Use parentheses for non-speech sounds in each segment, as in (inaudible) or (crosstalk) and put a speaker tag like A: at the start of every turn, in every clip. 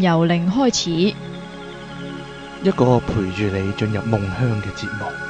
A: 由零開始，一
B: 個陪住你進入夢鄉嘅節目。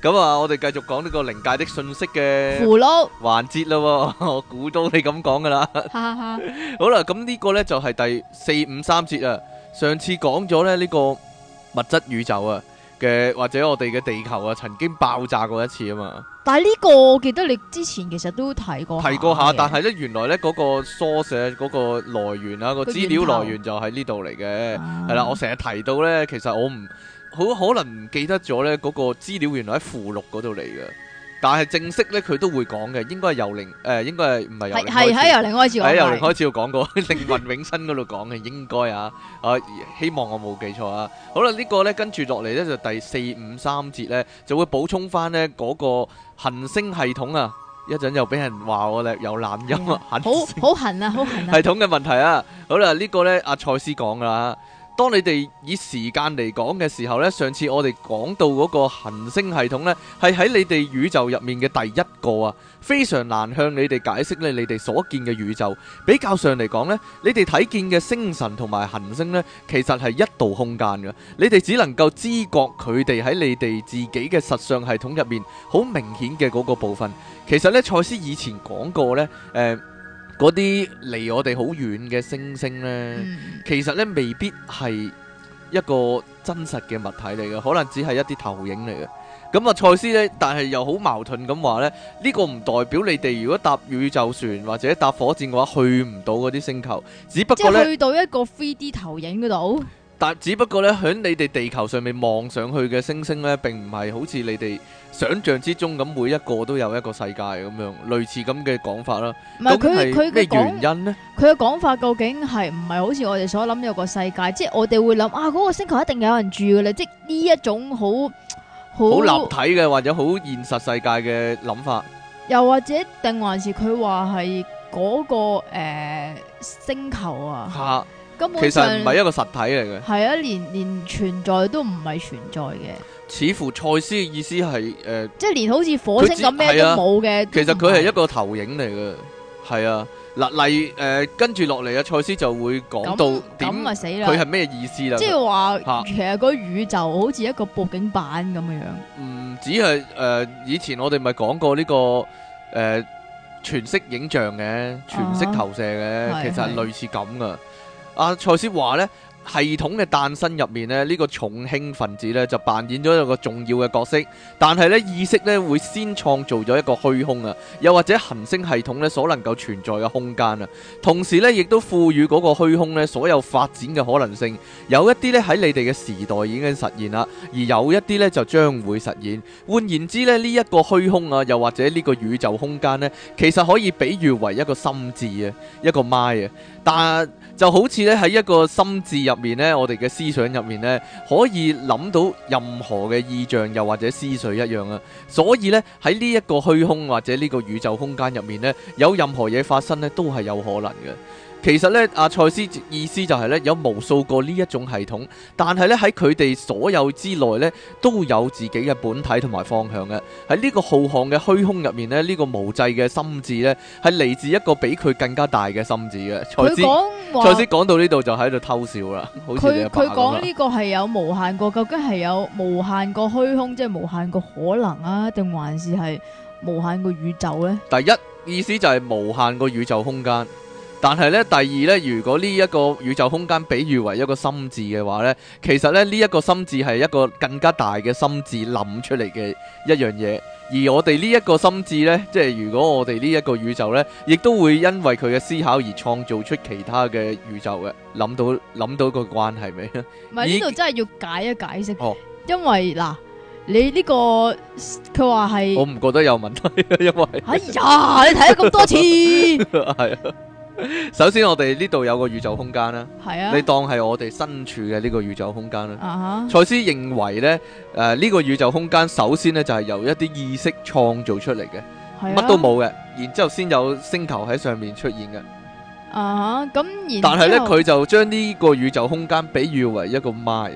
B: 咁 (laughs) 啊，我哋繼續講呢個靈界的訊息嘅環節啦。 (laughs) 我估到你咁講㗎啦。好啦，咁呢個呢，就係、是、第四五三節啊。上次講咗呢呢個物質宇宙啊嘅或者我哋嘅地球啊曾經爆炸過一次啊嘛。
A: 但係呢個我記得你之前其實都過提過。提過下，但係
B: 呢，原來呢嗰、那個 Source 嗰個來源啊、那個資料來源就喺呢度嚟嘅。係、啊、啦，我成日提到呢，其實我唔。好可能唔記得咗呢嗰個資料原來喺附錄嗰度嚟嘅，但係正式呢，佢都會講嘅，應該係由靈，誒，應該係唔係由係係喺由靈開始講，喺由靈開始要講個靈魂永生嗰度講嘅，應該啊，啊希望我冇記錯啊。好啦，呢個呢，跟住落嚟呢，就第四五三節呢，就會補充翻呢嗰個行星系統啊，一陣又俾人話我哋有懶音啊，好好痕啊，
A: 好痕啊，
B: 系統嘅問題啊。好啦，呢個呢，阿賽斯講噶啦。當你哋以時間嚟講嘅時候咧，上次我哋講到嗰個行星系統咧，係喺你哋宇宙入面嘅第一個啊，非常難向你哋解釋咧，你哋所見嘅宇宙，比較上嚟講咧，你哋睇見嘅星辰同埋行星咧，其實係一度空間噶，你哋只能夠知覺佢哋喺你哋自己嘅實相系統入面好明顯嘅嗰個部分。其實咧，賽斯以前講過咧，誒。嗰啲離我哋好遠嘅星星呢，嗯、其實咧，未必係一個真實嘅物體嚟嘅，可能只係一啲投影嚟嘅。咁啊，賽斯呢，但係又好矛盾咁話呢，呢、呢個唔代表你哋如果搭宇宙船或者搭火箭嘅話，去唔到嗰啲星球，只不過咧，即係去
A: 到一個 3D 投影嗰度。
B: 但只不過咧，喺你哋地球上面望上去嘅星星咧，並唔係好似你哋想象之中咁，每一個都有一個世界咁樣，類似咁嘅講法啦。唔係佢佢嘅原因
A: 咧？佢嘅講法究竟係唔係好似我哋所諗有個世界？即係我哋會諗啊，嗰個星球一定有人住噶啦！即係呢一種好好立體
B: 嘅或者好現實世界嘅諗法。
A: 又或者定還是佢話係嗰個誒星球啊？其實唔係一個實
B: 體嚟嘅，係
A: 啊，連連存在都唔係存在嘅。
B: 似乎賽斯嘅意思係誒，
A: 即係連好似火星咁咩都冇嘅。其實
B: 佢係一個投影嚟嘅，係啊。嗱，例誒，跟住落嚟嘅賽斯就會講到死點，佢係咩意思啦？即係話，其實
A: 個宇宙好似一個布景板咁嘅樣。唔
B: 止係誒，以前我哋咪講過呢個誒全息影像嘅，全息投射嘅，其實係類似咁噶。阿、啊、賽斯話咧。系統嘅誕生入面呢，呢、這個重興分子呢，就扮演咗一個重要嘅角色。但係呢，意識呢，會先創造咗一個虛空啊，又或者行星系統呢，所能夠存在嘅空間啊。同時呢，亦都賦予嗰個虛空呢，所有發展嘅可能性。有一啲呢，喺你哋嘅時代已經實現啦，而有一啲呢，就將會實現。換言之呢，呢、這、一個虛空啊，又或者呢個宇宙空間呢，其實可以比喻為一個心智啊，一個 mind 啊。但就好似呢，喺一個心智入。面呢，我哋嘅思想入面呢，可以諗到任何嘅意象，又或者思緒一樣啊。所以呢，喺呢一個虛空或者呢個宇宙空間入面呢，有任何嘢發生呢，都係有可能嘅。其實呢，阿蔡司意思就係呢：有無數個呢一種系統，但係呢，喺佢哋所有之內呢，都有自己嘅本體同埋方向嘅。喺呢個浩瀚嘅虛空入面呢，呢個無際嘅心智呢，係嚟自一個比佢更加大嘅心智嘅。賽斯、賽斯講到呢度就喺度偷笑啦。佢佢講呢
A: 個係有無限個，究竟係有無限個虛空，即係無限個可能啊？定還是係無限個宇宙呢？
B: 第一意思就係無限個宇宙空間。但係咧，第二咧，如果呢一個宇宙空間比喻為一個心智嘅話咧，其實咧呢一個心智係一個更加大嘅心智諗出嚟嘅一樣嘢。而我哋呢一個心智咧，即係如果我哋呢一個宇宙咧，亦都會因為佢嘅思考而創造出其他嘅宇宙嘅，諗到，諗到個關係未啊？唔係呢度
A: 真係要解一解釋。哦、因為嗱，你呢個佢話係我唔
B: 覺得有問題，因為哎
A: 呀，你睇咗咁多次
B: 係 (laughs) 啊。首先，我哋呢度有個宇宙空間啦，啊、你當係我哋身處嘅呢個宇宙空間啦。賽斯、啊、哈認為呢，誒、呃、呢、這個宇宙空間首先呢就係由一啲意識創造出嚟嘅，
A: 乜、啊、都冇
B: 嘅，然之後先有星球喺上面出現
A: 嘅。啊、但係呢，佢
B: 就將呢個宇宙空間比喻為一個 my，、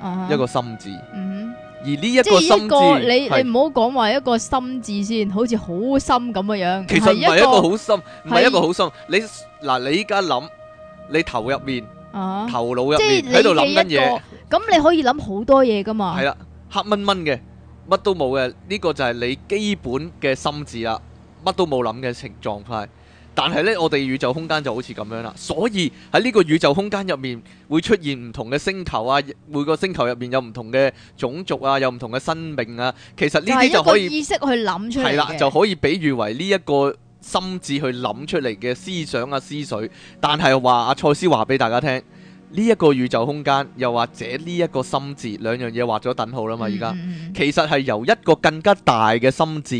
B: 啊、哈一個心智。嗯。而呢一個心智，是你唔
A: 好講話一個心智先，好似好深咁嘅樣。其實唔係一個好深，唔係是一個好深。
B: 你嗱，你依家諗，你頭入面，
A: 啊、頭
B: 腦入面喺度諗緊嘢。
A: 咁你，你可以諗好多嘢噶嘛？係啦，
B: 黑蚊蚊嘅，乜都冇嘅。呢、這個就係你基本嘅心智啦，乜都冇諗嘅情狀態。但係呢，我哋宇宙空間就好似咁樣啦，所以喺呢個宇宙空間入面會出現唔同嘅星球啊，每個星球入面有唔同嘅種族啊，有唔同嘅生命啊，其實呢啲就可以就
A: 意識去諗出嚟。係啦，就
B: 可以比喻為呢一個心智去諗出嚟嘅思想啊，思緒。但係話阿賽斯話俾大家聽，呢、這、一個宇宙空間又或者呢一個心智，嗯、兩樣嘢畫咗等號啦嘛。而家、嗯、其實係由一個更加大嘅心智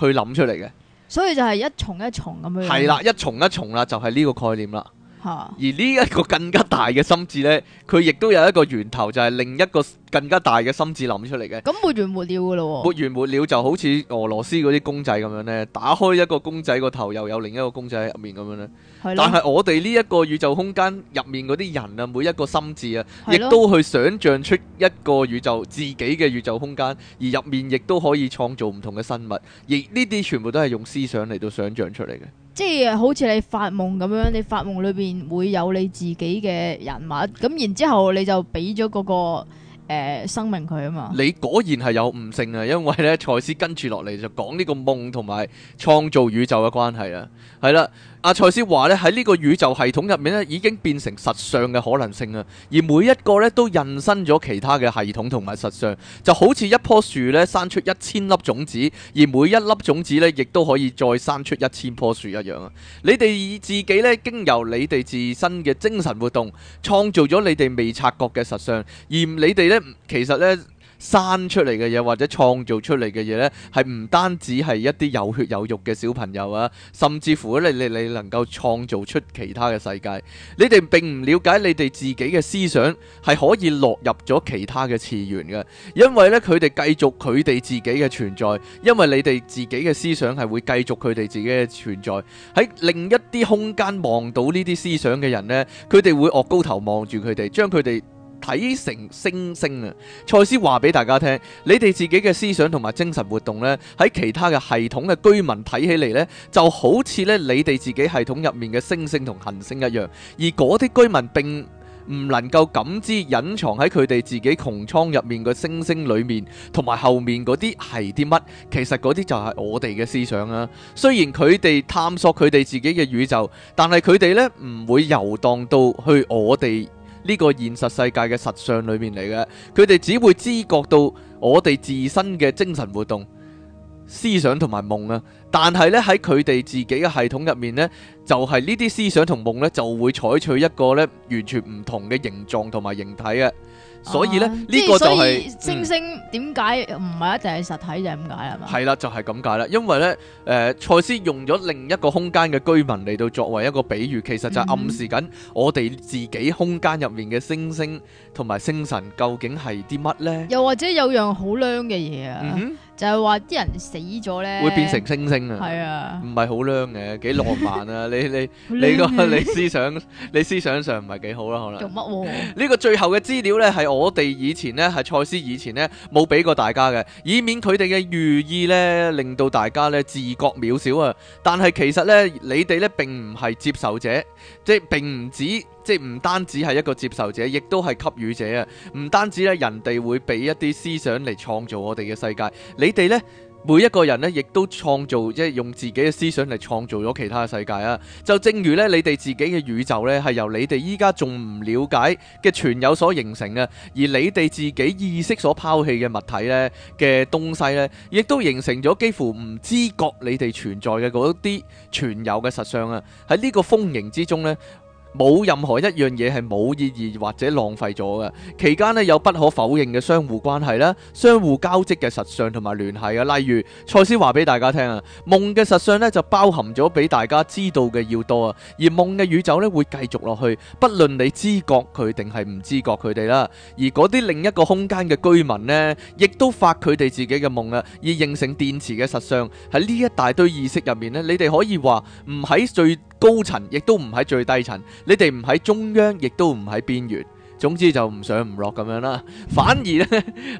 B: 去諗出嚟嘅。
A: 所以就係一重一重咁樣。係啦，一
B: 重一重啦，就係呢個概念啦。而呢一個更加大嘅心智呢，佢亦都有一個源頭，就係另一個更加大嘅心智諗出嚟嘅。
A: 咁沒完沒了噶咯，沒
B: 完沒了就好似俄羅斯嗰啲公仔咁樣呢，打開一個公仔個頭，又有另一個公仔喺入面咁樣呢。係咯。但係我哋呢一個宇宙空間入面嗰啲人啊，每一個心智啊，亦都去想象出一個宇宙自己嘅宇宙空間，而入面亦都可以創造唔同嘅生物，亦呢啲全部都係用思想嚟到想象出嚟嘅。
A: 即係好似你發夢咁樣，你發夢裏邊會有你自己嘅人物咁，然之後你就俾咗嗰個誒、呃、生命佢啊嘛。
B: 你果然係有悟性啊！因為咧，賽斯跟住落嚟就講呢個夢同埋創造宇宙嘅關係啦，係啦。阿賽斯話咧，喺呢個宇宙系統入面咧，已經變成實相嘅可能性啦，而每一個咧都引申咗其他嘅系統同埋實相，就好似一棵樹咧生出一千粒種子，而每一粒種子咧亦都可以再生出一千棵樹一樣啊！你哋以自己咧經由你哋自身嘅精神活動，創造咗你哋未察覺嘅實相，而你哋咧其實咧。生出嚟嘅嘢或者創造出嚟嘅嘢呢係唔單止係一啲有血有肉嘅小朋友啊，甚至乎咧你你能夠創造出其他嘅世界。你哋並唔了解你哋自己嘅思想係可以落入咗其他嘅次元嘅，因為呢，佢哋繼續佢哋自己嘅存在，因為你哋自己嘅思想係會繼續佢哋自己嘅存在。喺另一啲空間望到呢啲思想嘅人呢，佢哋會惡高頭望住佢哋，將佢哋，睇成星星啊！賽斯話俾大家聽，你哋自己嘅思想同埋精神活動呢，喺其他嘅系統嘅居民睇起嚟呢，就好似呢你哋自己系統入面嘅星星同行星一樣。而嗰啲居民並唔能夠感知隱藏喺佢哋自己穹蒼入面嘅星星裏面，同埋後面嗰啲係啲乜？其實嗰啲就係我哋嘅思想啊。雖然佢哋探索佢哋自己嘅宇宙，但係佢哋呢唔會遊蕩到去我哋。呢個現實世界嘅實相裏面嚟嘅，佢哋只會知覺到我哋自身嘅精神活動、思想同埋夢啊。但係呢，喺佢哋自己嘅系統入面呢，就係呢啲思想同夢咧，就會採取一個咧完全唔同嘅形狀同埋形體嘅。所以咧，呢、啊、個就係、是以嗯、星
A: 星點解唔係一定係實體，就係咁解係嘛？係
B: 啦，就係咁解啦。因為咧，誒、呃，賽斯用咗另一個空間嘅居民嚟到作為一個比喻，其實就暗示緊我哋自己空間入面嘅星星同埋星神究竟係啲乜咧？
A: 又或者有樣好靚嘅嘢啊？嗯就係話啲人死咗咧，會變成星星啊！係是啊，
B: 唔係好靚嘅，幾浪漫啊！ (laughs) 你你你、那個你思想 (laughs) 你思想上唔係幾好啦、啊，可能做
A: 乜喎、啊？
B: 呢個最後嘅資料呢，係我哋以前呢，係賽斯以前呢冇俾過大家嘅，以免佢哋嘅寓意呢令到大家呢自覺渺小啊！但係其實呢，你哋呢並唔係接受者。即係並唔止，即係唔單止係一個接受者，亦都係給予者啊！唔單止咧，人哋會俾一啲思想嚟創造我哋嘅世界，你哋呢？每一個人咧，亦都創造，即係用自己嘅思想嚟創造咗其他嘅世界啊！就正如咧，你哋自己嘅宇宙咧，係由你哋依家仲唔了解嘅存有所形成嘅，而你哋自己意識所拋棄嘅物體咧嘅東西咧，亦都形成咗幾乎唔知覺你哋存在嘅嗰啲存有嘅實相啊！喺呢個豐盈之中咧。冇任何一樣嘢係冇意義或者浪費咗嘅。期間咧，有不可否認嘅相互關係啦，相互交織嘅實相同埋聯繫啊。例如，賽斯話俾大家聽啊，夢嘅實相咧就包含咗比大家知道嘅要多啊。而夢嘅宇宙咧會繼續落去，不論你知覺佢定係唔知覺佢哋啦。而嗰啲另一個空間嘅居民咧，亦都發佢哋自己嘅夢啊，而形成電池嘅實相喺呢一大堆意識入面咧，你哋可以話唔喺最。高層亦都唔喺最低層，你哋唔喺中央，亦都唔喺邊緣，總之就唔上唔落咁樣啦。反而咧，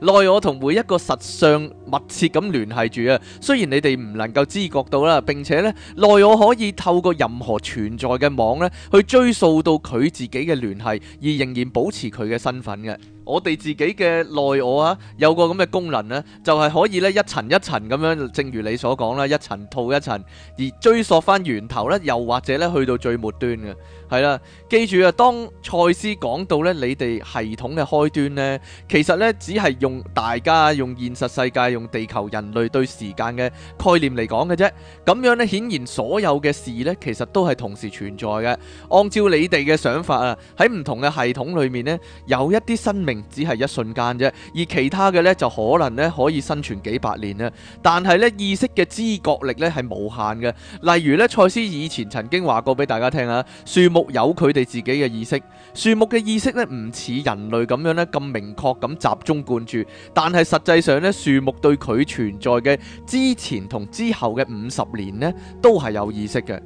B: 奈 (laughs) 我同每一個實相密切咁聯繫住啊！雖然你哋唔能夠知覺到啦，並且呢，內我可以透過任何存在嘅網呢去追溯到佢自己嘅聯繫，而仍然保持佢嘅身份嘅。我哋自己嘅內我啊，有個咁嘅功能呢，就係可以呢，一層一層咁樣，正如你所講啦，一層套一層，而追溯翻源頭呢，又或者呢去到最末端嘅。係啦，記住啊，當賽斯講到呢，你哋系統嘅開端呢，其實呢，只係用大家用現實世界。用地球人類對時間嘅概念嚟講嘅啫，咁樣呢顯然所有嘅事呢，其實都係同時存在嘅。按照你哋嘅想法啊，喺唔同嘅系統裏面呢，有一啲生命只係一瞬間啫，而其他嘅呢，就可能呢可以生存幾百年啊。但係呢，意識嘅知覺力呢係無限嘅。例如呢，賽斯以前曾經話過俾大家聽啊，樹木有佢哋自己嘅意識，樹木嘅意識呢，唔似人類咁樣呢咁明確咁集中灌注，但係實際上呢，樹木。對佢存在嘅之前同之後嘅五十年咧，都係有意識嘅。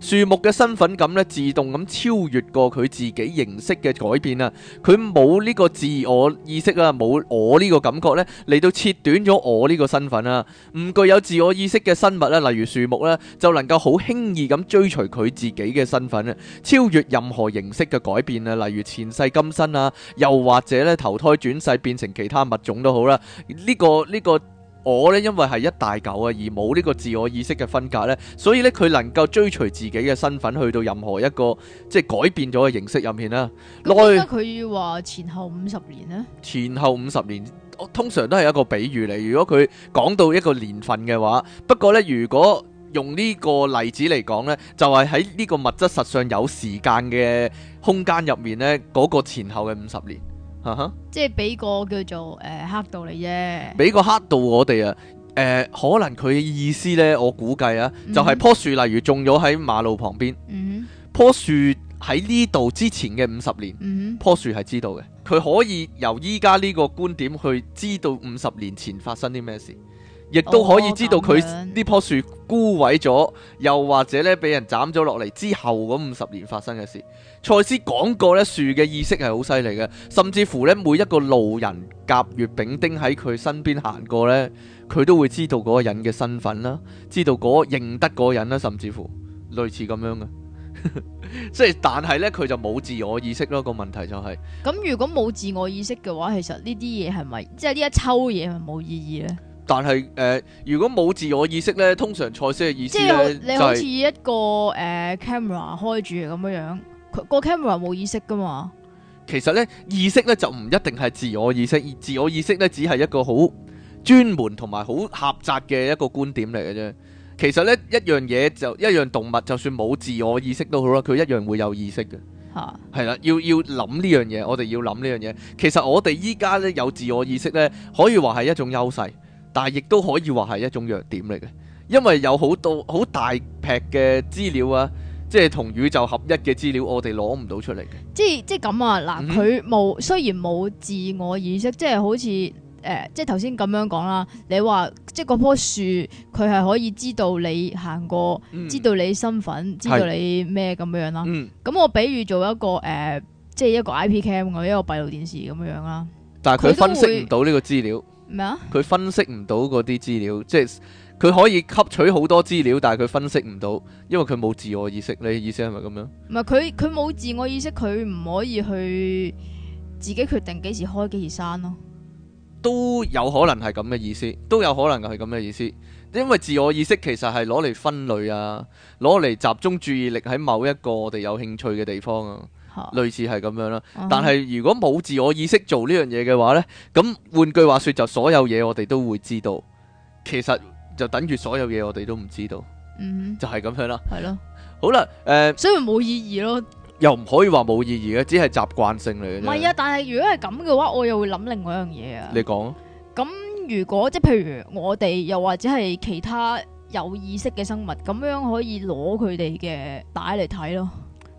B: 樹木嘅身份感咧，自動咁超越過佢自己形式嘅改變啊！佢冇呢個自我意識啦，冇我呢個感覺呢，嚟到，切斷咗我呢個身份啦。唔具有自我意識嘅生物咧，例如樹木咧，就能夠好輕易咁追隨佢自己嘅身份啊，超越任何形式嘅改變啊，例如前世今生啊，又或者咧投胎轉世，變成其他物種都好啦。呢個呢個。這個，我咧，因為係一大嚿呀，而冇呢個自我意識嘅分隔呢。所以呢，佢能夠追隨自己嘅身份去到任何一個即係改變咗嘅形式入面啦。咁
A: 佢話前後五十年呢？
B: 前後五十年，通常都係一個比喻嚟。如果佢講到一個年份嘅話，不過呢，如果用呢個例子嚟講呢，就係喺呢個物質實上有時間嘅空間入面呢，嗰個前後嘅五十年。
A: Uh huh. 即係俾個叫做誒、呃、黑道嚟啫，俾個黑
B: 道我哋啊，誒、呃、可能佢意思呢，我估計啊，mm hmm. 就係樖樹，例如種咗喺馬路旁邊，mm hmm. 棵樹喺呢度之前嘅五十年，mm hmm. 棵樹係知道嘅，佢可以由依家呢個觀點去知道五十年前發生啲咩事，亦都可以知道佢呢棵樹枯萎咗，又或者呢俾人斬咗落嚟之後嗰五十年發生嘅事。賽斯講過咧，樹嘅意識係好犀利嘅，甚至乎咧每一個路人甲乙丙丁喺佢身邊行過咧，佢都會知道嗰個人嘅身份啦，知道嗰認得嗰人啦，甚至乎類似咁樣嘅。即 (laughs) 係但係咧，佢就冇自我意識咯。那個問題就係、是、
A: 咁，如果冇自我意識嘅話，其實呢啲嘢係咪即係呢一抽嘢係咪冇意義咧？
B: 但係誒、呃，如果冇自我意識咧，通常賽斯嘅意思咧就係、是、你
A: 好似一個誒 camera、呃、開住咁樣。個 camera 冇意識噶嘛？
B: 其實呢，意識呢就唔一定係自我意識，而自我意識呢只係一個好專門同埋好狹窄嘅一個觀點嚟嘅啫。其實呢，一樣嘢就一樣動物，就算冇自我意識都好啦，佢一樣會有意識嘅。吓係啦，要要諗呢樣嘢，我哋要諗呢樣嘢。其實我哋依家呢有自我意識呢，可以話係一種優勢，但係亦都可以話係一種弱點嚟嘅，因為有好多好大劈嘅資料啊。即係同宇宙合一嘅資料，我，我哋攞唔到出嚟
A: 嘅，即係即係咁啊！嗱，佢冇，雖然冇自我意識，即係好似誒、呃，即係頭先咁樣講啦。你話即係嗰棵樹，佢係可以知道你行過，嗯、知道你身份，是知道你咩咁樣啦。咁、嗯、我比喻做一個誒、呃，即係一個 IP Cam 嘅一個閉路電視咁樣啦。但係佢分析唔
B: 到呢個資料咩啊？佢分析唔到嗰啲資料，即係。佢可以吸取好多資料，但係佢分析唔到，因為佢冇自我意識。你意思係咪咁樣？
A: 唔係佢，佢冇自我意識，佢唔可以去自己決定幾時開時、啊，幾時閂咯。
B: 都有可能係咁嘅意思，都有可能嘅係咁嘅意思，因為自我意識其實係攞嚟分類啊，攞嚟集中注意力喺某一個我哋有興趣嘅地方啊，啊類似係咁樣啦、啊。但係如果冇自我意識做呢樣嘢嘅話呢，咁換句話說就所有嘢我哋都會知道，其實。就等於所有嘢，我哋都唔知道，嗯，就係咁樣啦，係咯，好啦，誒，所以冇意義咯，又唔可以話冇意義嘅，只係習慣性嚟，唔係啊。
A: 但係如果係咁嘅話，我又會諗另外一樣嘢啊。你講，咁如果即係譬如我哋，又或者係其他有意識嘅生物，咁樣可以攞佢哋嘅帶嚟睇咯。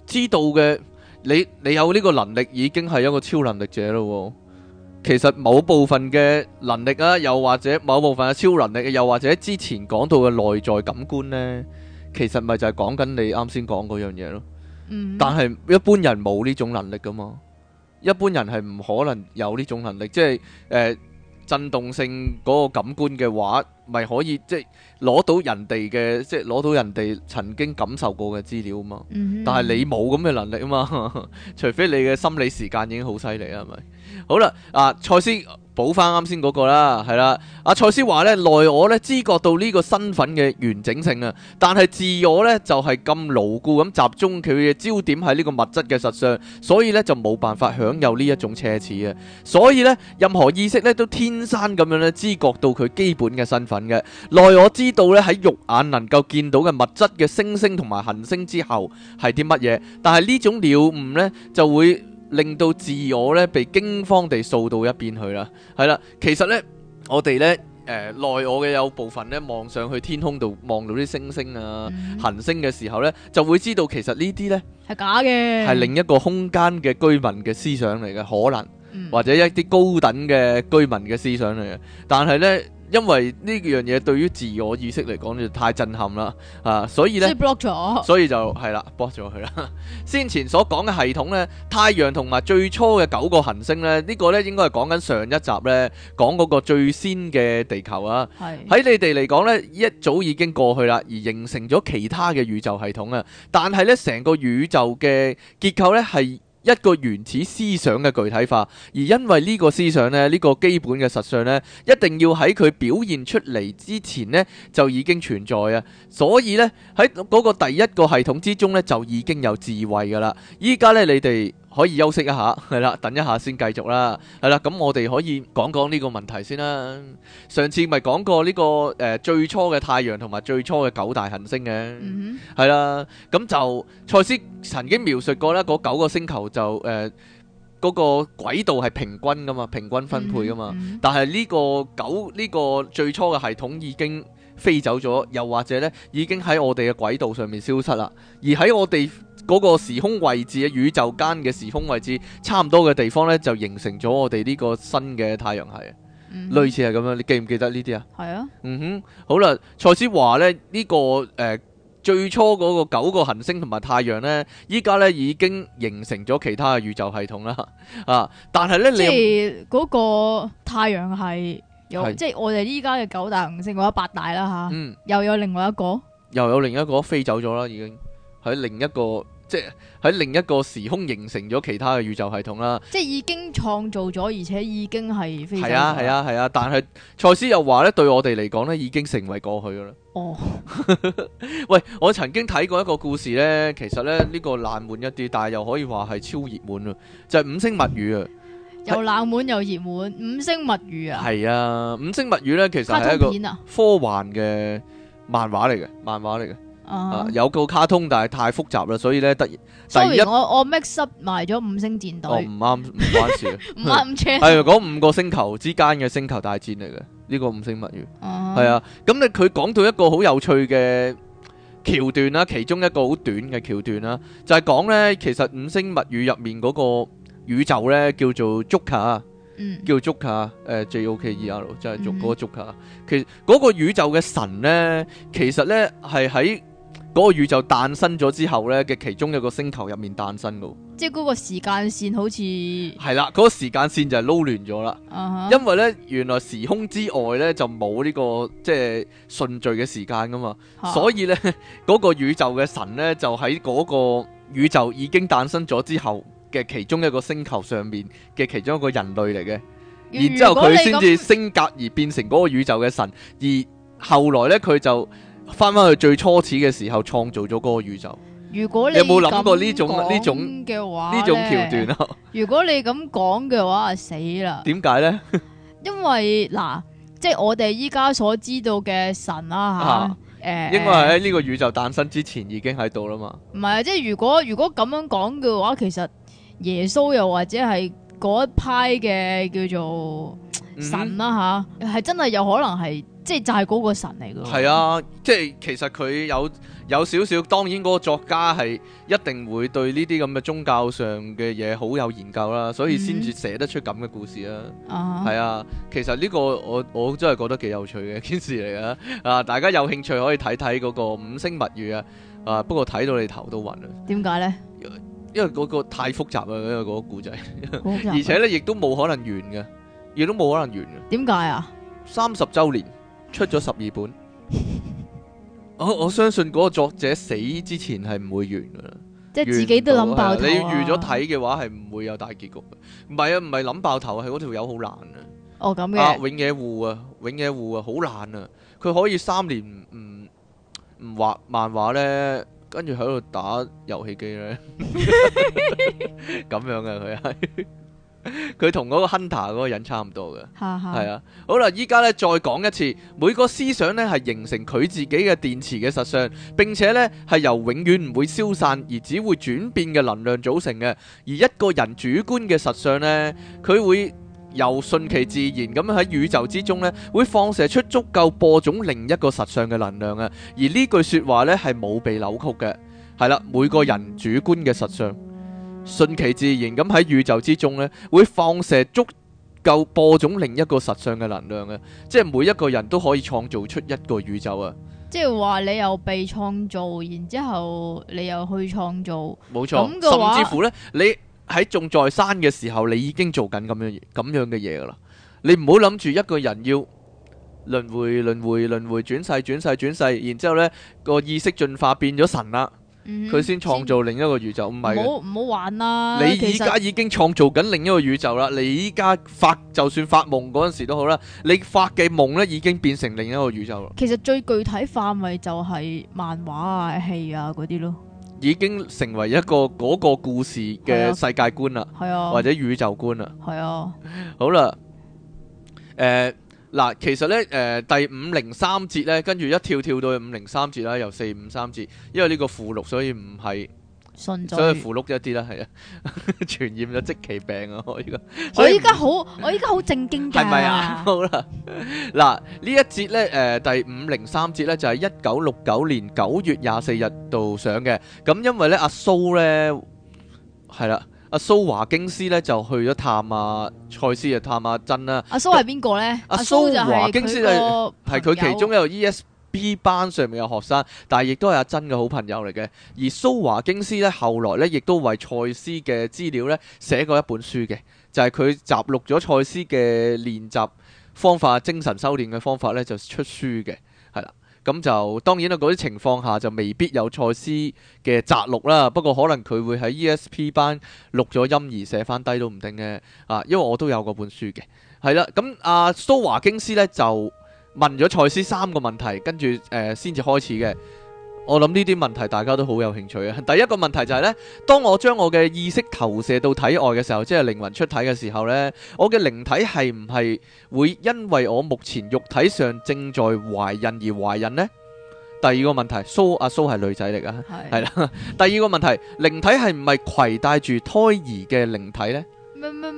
B: 知道嘅，你你有呢個能力已經係一個超能力者咯喎。其實某部分嘅能力啊，又或者某部分嘅超能力啊，又或者之前講到嘅內在感官呢，其實咪就係講緊你啱先講嗰樣嘢咯。Mm hmm. 但係一般人冇呢種能力噶嘛，一般人係唔可能有呢種能力，即係誒、呃、震動性嗰個感官嘅話，咪可以即係攞到人哋嘅，即係攞到人哋曾經感受過嘅資料啊嘛。Mm hmm. 但係你冇咁嘅能力啊嘛， (laughs) 除非你嘅心理時間已經好犀利啊，係咪？好啦，阿賽斯補翻啱先嗰，那個啦，係啦，阿賽斯話呢，內我呢知覺到呢個身份嘅完整性啊，但係自我呢，就係、是、咁牢固咁集中佢嘅焦點喺呢個物質嘅實上，所以呢就冇辦法享有呢一種奢侈啊，所以呢，任何意識呢都天生咁樣呢知覺到佢基本嘅身份嘅，內我知道呢，喺肉眼能夠見到嘅物質嘅星星同埋行星之後係啲乜嘢，但係呢種了悟呢，就會。令到自我咧被驚慌地掃到一邊去啦，係啦，其實咧我哋咧誒內我嘅有部分咧望上去天空度望到啲星星啊行星嘅時候咧，就會知道其實呢啲咧
A: 係假嘅，係另
B: 一個空間嘅居民嘅思想嚟嘅，可能或者一啲高等嘅居民嘅思想嚟嘅，但係咧。因為呢樣嘢對於自我意識嚟講就太震撼啦，啊，所以呢，所以就係啦 block 咗佢啦。了了 (laughs) 先前所講嘅系統呢，太陽同埋最初嘅九個行星呢，呢、呢個咧應該係講緊上一集呢講嗰個最先嘅地球啊。喺是你哋嚟講呢，一早已經過去啦，而形成咗其他嘅宇宙系統啊。但係呢，成個宇宙嘅結構呢係。一個原始思想嘅具體化，而因為呢個思想呢，呢個基本嘅實相呢，一定要喺佢表現出嚟之前呢，就已經存在啊。所以呢，喺嗰個第一個系統之中呢，就已經有智慧噶啦。依家呢，你哋，可以休息一下，係啦，等一下先繼續啦，係啦，咁我哋可以講講呢個問題先啦。上次咪講過呢、呢個誒、呃、最初嘅太陽同埋最初嘅九大行星嘅，係啦、mm，咁、hmm. 就賽斯曾經描述過呢嗰九個星球就誒嗰、呃嗰個軌道係平均噶嘛，平均分配噶嘛，mm hmm. 但係呢個九呢、呢個最初嘅系統已經飛走咗，又或者呢已經喺我哋嘅軌道上面消失啦，而喺我哋。嗰個時空位置啊，宇宙間嘅時空位置差唔多嘅地方呢，就形成咗我哋呢個新嘅太陽系，嗯、哼類似係咁樣。你記唔記得呢啲啊？係啊。嗯哼，好啦，賽斯華呢、呢、這個誒、呃、最初嗰個九個行星同埋太陽呢，依家呢已經形成咗其他嘅宇宙系統啦。啊，但係呢，你
A: 嗰個太陽系有，是即係我哋依家嘅九大行星或者八大啦吓。啊嗯、又有另外一個，
B: 又有另一個飛走咗啦，已經喺另一個。即係喺另一個時空形成咗其他嘅宇宙系統啦，
A: 即係已經創造咗，而且已經係非係啊係啊
B: 係啊，但係賽斯又話咧，對我哋嚟講咧，已經成為過去噶啦。哦， (laughs) 喂，我曾經睇過一個故事咧，其實咧呢、這個冷門一啲，但係又可以話係超熱門啊，就係、是《五星物語》啊，
A: 又冷門又熱門，《五星物語》啊，
B: 係啊，《五星物語》咧其實係一個科幻嘅漫畫嚟嘅，漫畫嚟嘅。Uh huh. 啊，有個卡通，但係太複雜啦，所以咧，突然，突然 Sorry, 一我
A: 我 m i x 埋咗五星戰隊。哦唔
B: 啱，唔關事，唔啱唔係五個星球之間嘅星球大戰嚟嘅，呢、這個五星物語。哦、uh，係、huh. 啊，咁咧佢講到一個好有趣嘅橋段啦，其中一個好短嘅橋段啦，就係講咧，其實五星物語入面嗰個宇宙咧叫做 Joker、嗯、叫 Joker，誒 J O K E R 即係做嗰個 Joker，其實嗰個宇宙嘅神咧，其實咧係喺。嗰個宇宙誕生咗之後呢嘅其中一個星球入面誕生噶，
A: 即係嗰個時間線好似
B: 係啦，嗰個時間線就係撈亂咗啦。Uh huh. 因為呢，原來時空之外呢，就冇呢個即係順序嘅時間噶嘛，uh huh. 所以呢，嗰個宇宙嘅神呢，就喺嗰個宇宙已經誕生咗之後嘅其中一個星球上面嘅其中一個人類嚟嘅，
A: 然如果 之後佢先至
B: 升格而變成嗰個宇宙嘅神，而後來呢，佢就。翻翻去最初始嘅時候，創造咗嗰個宇宙。
A: 如果你，你有冇諗過呢種呢種嘅話呢種橋段啊？ (laughs) 如果你咁講嘅話死，死啦！點解咧？因為嗱，即係我哋依家所知道嘅神啦吓，誒，因為喺
B: 呢個宇宙誕生之前已經喺度啦嘛。
A: 唔係啊，即係如果如果咁樣講嘅話，其實耶穌又或者係嗰一派嘅叫做。嗯、神啦、啊、吓，係真係有可能係，即係就係、是、嗰個神嚟噶。係
B: 啊，即係其實佢有有少少，當然嗰個作家係一定會對呢啲咁嘅宗教上嘅嘢好有研究啦，所以先至寫得出咁嘅故事、嗯、哼啊。哦，係啊，其實呢個我我真係覺得幾有趣嘅件事嚟啊！啊，大家有興趣可以睇睇嗰個《五星物語》啊！啊，不過睇到你頭都暈啊。點解咧？因為嗰個太複雜啦，因為嗰個故仔，而且咧亦都冇可能完嘅。亦都冇可能完嘅。點解啊？三十周年出咗十二本 (laughs) 我，我相信嗰個作者死之前係唔會完噶啦。即係自己都諗爆。你預咗睇嘅話係唔會有大結局。唔係啊，唔係諗爆頭啊，係嗰條友好懶啊。
A: 哦，咁樣。永
B: 野護啊，永野護啊，好懶啊。佢、啊，可以三年唔唔畫漫畫呢，跟住喺度打遊戲機呢。咁樣嘅佢係。佢同嗰個 hunter 嗰個人差唔多嘅，係啊， (laughs) 好啦，依家咧再講一次，每個思想咧係形成佢自己嘅電池嘅實相，並且咧係由永遠唔會消散而只會轉變嘅能量組成嘅，而一個人主觀嘅實相呢，佢會由順其自然咁喺宇宙之中咧會放射出足夠播種另一個實相嘅能量啊，而呢句說話咧係冇被扭曲嘅，係啦，每個人主觀嘅實相。順其自然咁喺宇宙之中咧，會放射足夠播種另一個實相嘅能量嘅，即係每一個人都可以創造出一個宇宙啊！
A: 即係話你又被創造，然之後你又去創造，冇錯。甚至乎
B: 咧，你喺仲在生嘅時候，你已經做緊咁樣咁樣嘅嘢噶啦。你唔好諗住一個人要輪迴、輪迴、輪迴，轉世、轉世、轉世，然之後咧個意識進化變咗神啦。佢先、嗯、創造另一個宇宙，唔係。唔好，
A: 唔好玩啦。你依家已
B: 經創造緊另一個宇宙啦。其實你依家發，就算發夢嗰陣時都好啦，你發嘅夢咧已經變成另一個宇宙啦。其
A: 實最具體範圍就係漫畫啊、戲啊嗰啲咯。
B: 已經成為一個嗰個故事嘅世界觀啦，係啊、或者宇宙觀啦，係
A: 啊。
B: 啊 (laughs) 好啦，呃嗱，其實咧，誒、呃，第五零三節咧，跟住一跳跳到去五零三節啦，由四五三節，因為呢個附錄，所以唔係，序所以附錄一啲啦，係啊，傳 (laughs) 染咗積奇病啊，我依家，我依家
A: 好，我依家好正經噶，係咪啊？ (laughs) 好啦，
B: 嗱，呢一節咧，誒，第五零三節咧，就係一九六九年九月廿四日度上嘅，咁因為咧，阿蘇咧，係啦。阿蘇華京斯咧就去咗探阿賽斯，又探阿珍啦。阿
A: 蘇係邊個咧？蘇華經就是、阿蘇華京斯係係佢其中一
B: 個 E S B 班上面嘅學生，但係亦都係阿珍嘅好朋友嚟嘅。而蘇華京斯咧後來咧亦都為賽斯嘅資料咧寫過一本書嘅，就係、是、佢集錄咗賽斯嘅練習方法、精神修煉嘅方法咧就出書嘅，係啦。咁就當然啦，嗰啲情況下就未必有賽斯嘅摘錄啦。不過可能佢會喺 ESP 班錄咗音而寫翻低都唔定嘅。啊，因為我都有嗰本書嘅。係啦，咁阿、啊、蘇華京斯呢就問咗賽斯三個問題，跟住誒先至開始嘅。我諗呢啲問題大家都好有興趣啊！第一個問題就係呢：當我將我嘅意識投射到體外嘅時候，即係靈魂出體嘅時候呢，我嘅靈體係唔係會因為我目前肉體上正在懷孕而懷孕呢？第二個問題，蘇阿蘇係女仔嚟㗎，係啦是。 (laughs) 第二個問題，靈體係唔係攜帶住胎兒嘅靈體呢？
A: 咩咩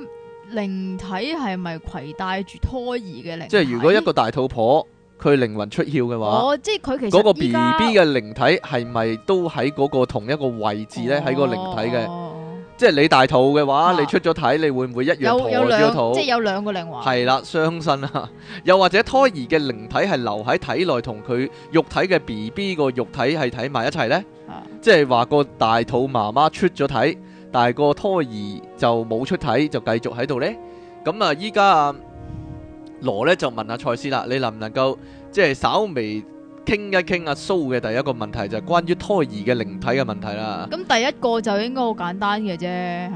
A: 靈體係咪攜帶住胎兒嘅靈？即係如果一
B: 個大肚婆，佢靈魂出竅嘅話，哦、
A: 即係佢其實嗰個 B B 嘅
B: 靈體係咪都喺嗰個同一個位置咧？喺、哦、個靈體嘅，即係你大肚嘅話，啊、你出咗體，你會唔會一樣肚出咗肚？即係有
A: 兩
B: 個靈魂。係啦，雙身！啊！ (laughs) 又或者胎兒嘅靈體係留喺體內，同佢肉體嘅 B B 個肉體係喺埋一齊咧？啊、即係話個大肚媽媽出咗體，但係個胎兒就冇出體，就繼續喺度咧。咁啊，依家啊～羅咧就問阿賽斯啦，你能唔能夠即係稍微傾一傾阿蘇嘅第一個問題就係關於胎兒嘅靈體嘅問題啦。
A: 咁第一個就應該好簡單嘅啫，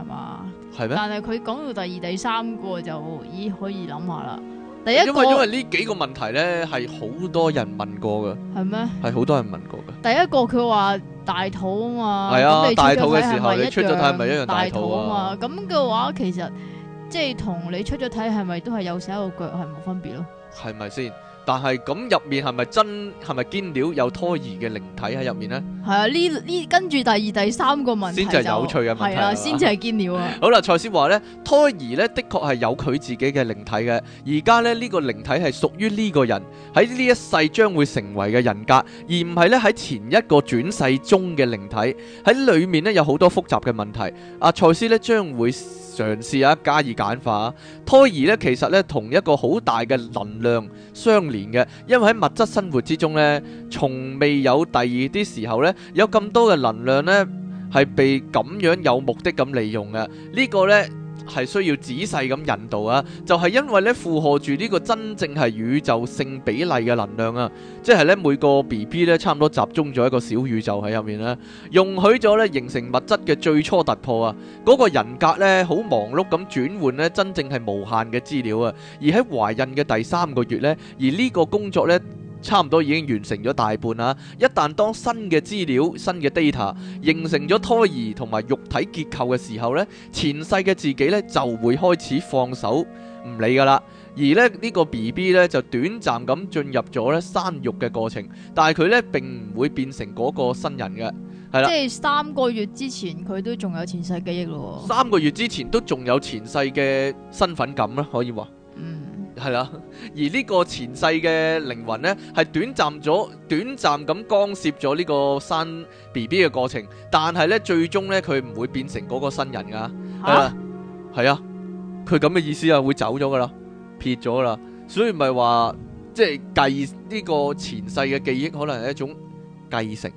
A: 係嘛？係咩？但係佢講到第二、第三個就，咦可以諗下啦。第一個因為因為呢幾
B: 個問題咧係好多人問過㗎。係咩？係好多人問過㗎。
A: 第一個佢話大肚啊嘛，係啊，大肚嘅時候，咁你出咗世係咪一樣大肚啊嘛？咁嘅話其實。即係同你出咗體，係咪都係有手有腳，係冇分別咯？
B: 係咪先？但係咁入面係咪真係咪堅料有胎兒嘅靈體喺入面呢？
A: 係啊，呢呢跟住第二、第三個問題就先至係有趣嘅問題，係啊，先至係堅料啊。
B: 好啦，賽斯話呢，胎兒呢，的確係有佢自己嘅靈體嘅。而家呢，呢個靈體係屬於呢個人喺呢一世將會成為嘅人格，而唔係呢，喺前一個轉世中嘅靈體喺裏面呢，有好多複雜嘅問題。阿賽斯呢，將會。嘗試啊，加以簡化，啊。胎兒咧，其實咧，同一個好大嘅能量相連嘅，因為喺物質生活之中咧，從未有第二啲時候咧，有咁多嘅能量咧，係被咁樣有目的咁利用嘅。這個、呢個咧。係需要仔細咁引導啊，就係因為咧，負荷住呢個真正係宇宙性比例嘅能量啊，即係咧每個 B B 咧差唔多集中咗一個小宇宙喺入面啦，容許咗咧形成物質嘅最初突破啊，嗰個人格咧好忙碌咁轉換咧真正係無限嘅資料啊，而喺懷孕嘅第三個月咧，而呢個工作咧。差唔多已經完成咗大半啦。一旦當新嘅資料、新嘅 data 形成咗胎兒同埋肉體結構嘅時候呢，前世嘅自己呢就會開始放手唔理噶啦，而呢呢個 B B 呢，就短暫咁進入咗呢生育嘅過程，但係佢呢並唔會變成嗰個新人嘅，係啦。即係
A: 三個月之前佢都仲有前世記憶咯。三
B: 個月之前都仲有前世嘅身份感啦，可以話。係啦，而呢個前世嘅靈魂咧，係短暫咗、短暫咁干涉咗呢個生 B B 嘅過程，但係咧最終咧佢唔會變成嗰個新人噶，係啊，係啊，佢咁嘅意思啊，會走咗噶啦，撇咗啦，所以唔係話即係繼呢個前世嘅記憶，可能係一種繼承，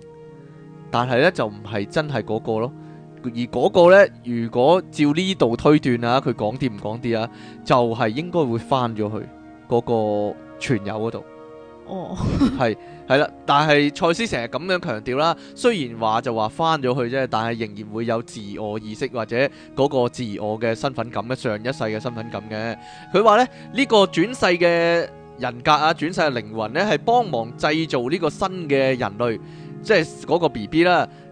B: 但係咧就唔係真係嗰個咯。而嗰個咧，如果照呢度推斷啊，佢講啲唔講啲啊，就係、是、應該會返咗去嗰個存有嗰度。
A: 哦、oh. (laughs)
B: 係係啦，但係賽斯成日咁樣強調啦，雖然話就話返咗去啫，但係仍然會有自我意識或者嗰個自我嘅身份感嘅，上一世嘅身份感嘅。佢話呢，呢、這個轉世嘅人格啊，轉世嘅靈魂呢，係幫忙製造呢個新嘅人類，即係嗰個 B B 啦。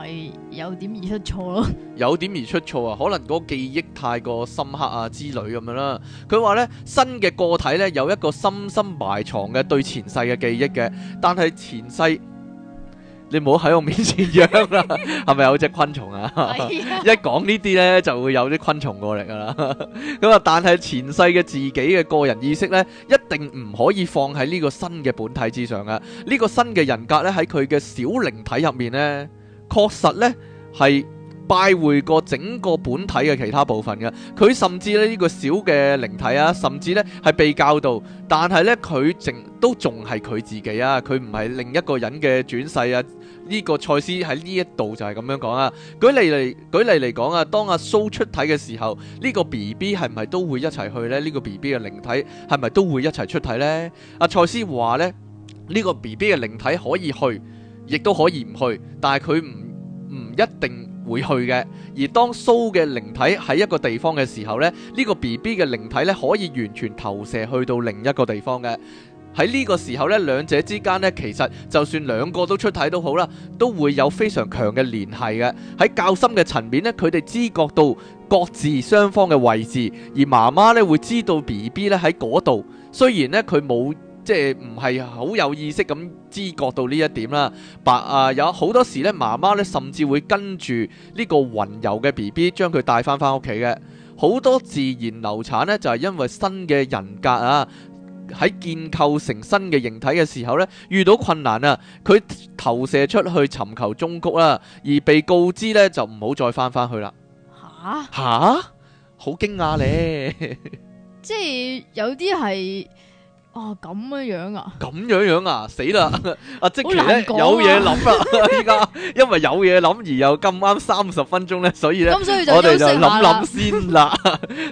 A: 係有點而出錯咯，
B: 有點而出錯啊！可能嗰個記憶太過深刻啊之類咁樣啦。佢話呢，新嘅個體呢，有一個深深埋藏嘅對前世嘅記憶嘅，但係前世你唔好喺我面前養啦，係咪 (laughs) 有隻昆蟲啊？ (laughs) (laughs) 一講呢啲呢，就會有啲昆蟲過嚟噶啦。咁啊，但係前世嘅自己嘅個人意識呢，一定唔可以放喺呢個新嘅本體之上啊。呢、呢個新嘅人格呢，喺佢嘅小靈體入面呢。確實呢，係拜會過整個本體嘅其他部分嘅，佢甚至呢呢、這個小嘅靈體啊，甚至呢係被教導，但係呢，佢淨都仲係佢自己啊，佢唔係另一個人嘅轉世啊。呢、這個賽斯喺呢一度就係咁樣講啊。舉例嚟，舉例嚟講啊，當阿蘇出體嘅時候，呢、這個 B B 係咪都會一齊去呢？呢、這個 B B 嘅靈體係咪都會一齊出體呢？阿賽斯話呢，呢、這個 B B 嘅靈體可以去。亦都可以唔去，但係佢唔唔一定會去嘅。而當蘇嘅靈體喺一個地方嘅時候呢，呢個 B B 嘅靈體呢可以完全投射去到另一個地方嘅。喺呢個時候呢，兩者之間呢，其實就算兩個都出體都好啦，都會有非常強嘅聯繫嘅。喺較深嘅層面呢，佢哋知覺到各自雙方嘅位置，而媽媽呢會知道 B B 呢喺嗰度，雖然呢佢冇。即係唔係好有意識咁知覺到呢一點啦，白啊有好多時咧，媽媽咧甚至會跟住呢個雲遊嘅 B B 將佢帶翻翻屋企嘅。好多自然流產咧就係因為新嘅人格啊喺建構成新嘅形體嘅時候咧遇到困難啊，佢投射出去尋求中谷啦，而被告知咧就唔哈好再翻翻去啦。吓吓好驚訝你，
A: 即係有啲係。哦，咁樣、啊、樣啊！
B: 咁樣樣啊！死啦！ (laughs) 啊，即其咧、啊、有嘢諗啦，依家 (laughs) 因為有嘢諗，而又咁啱三十分鐘咧，所以咧我哋們就諗諗先啦。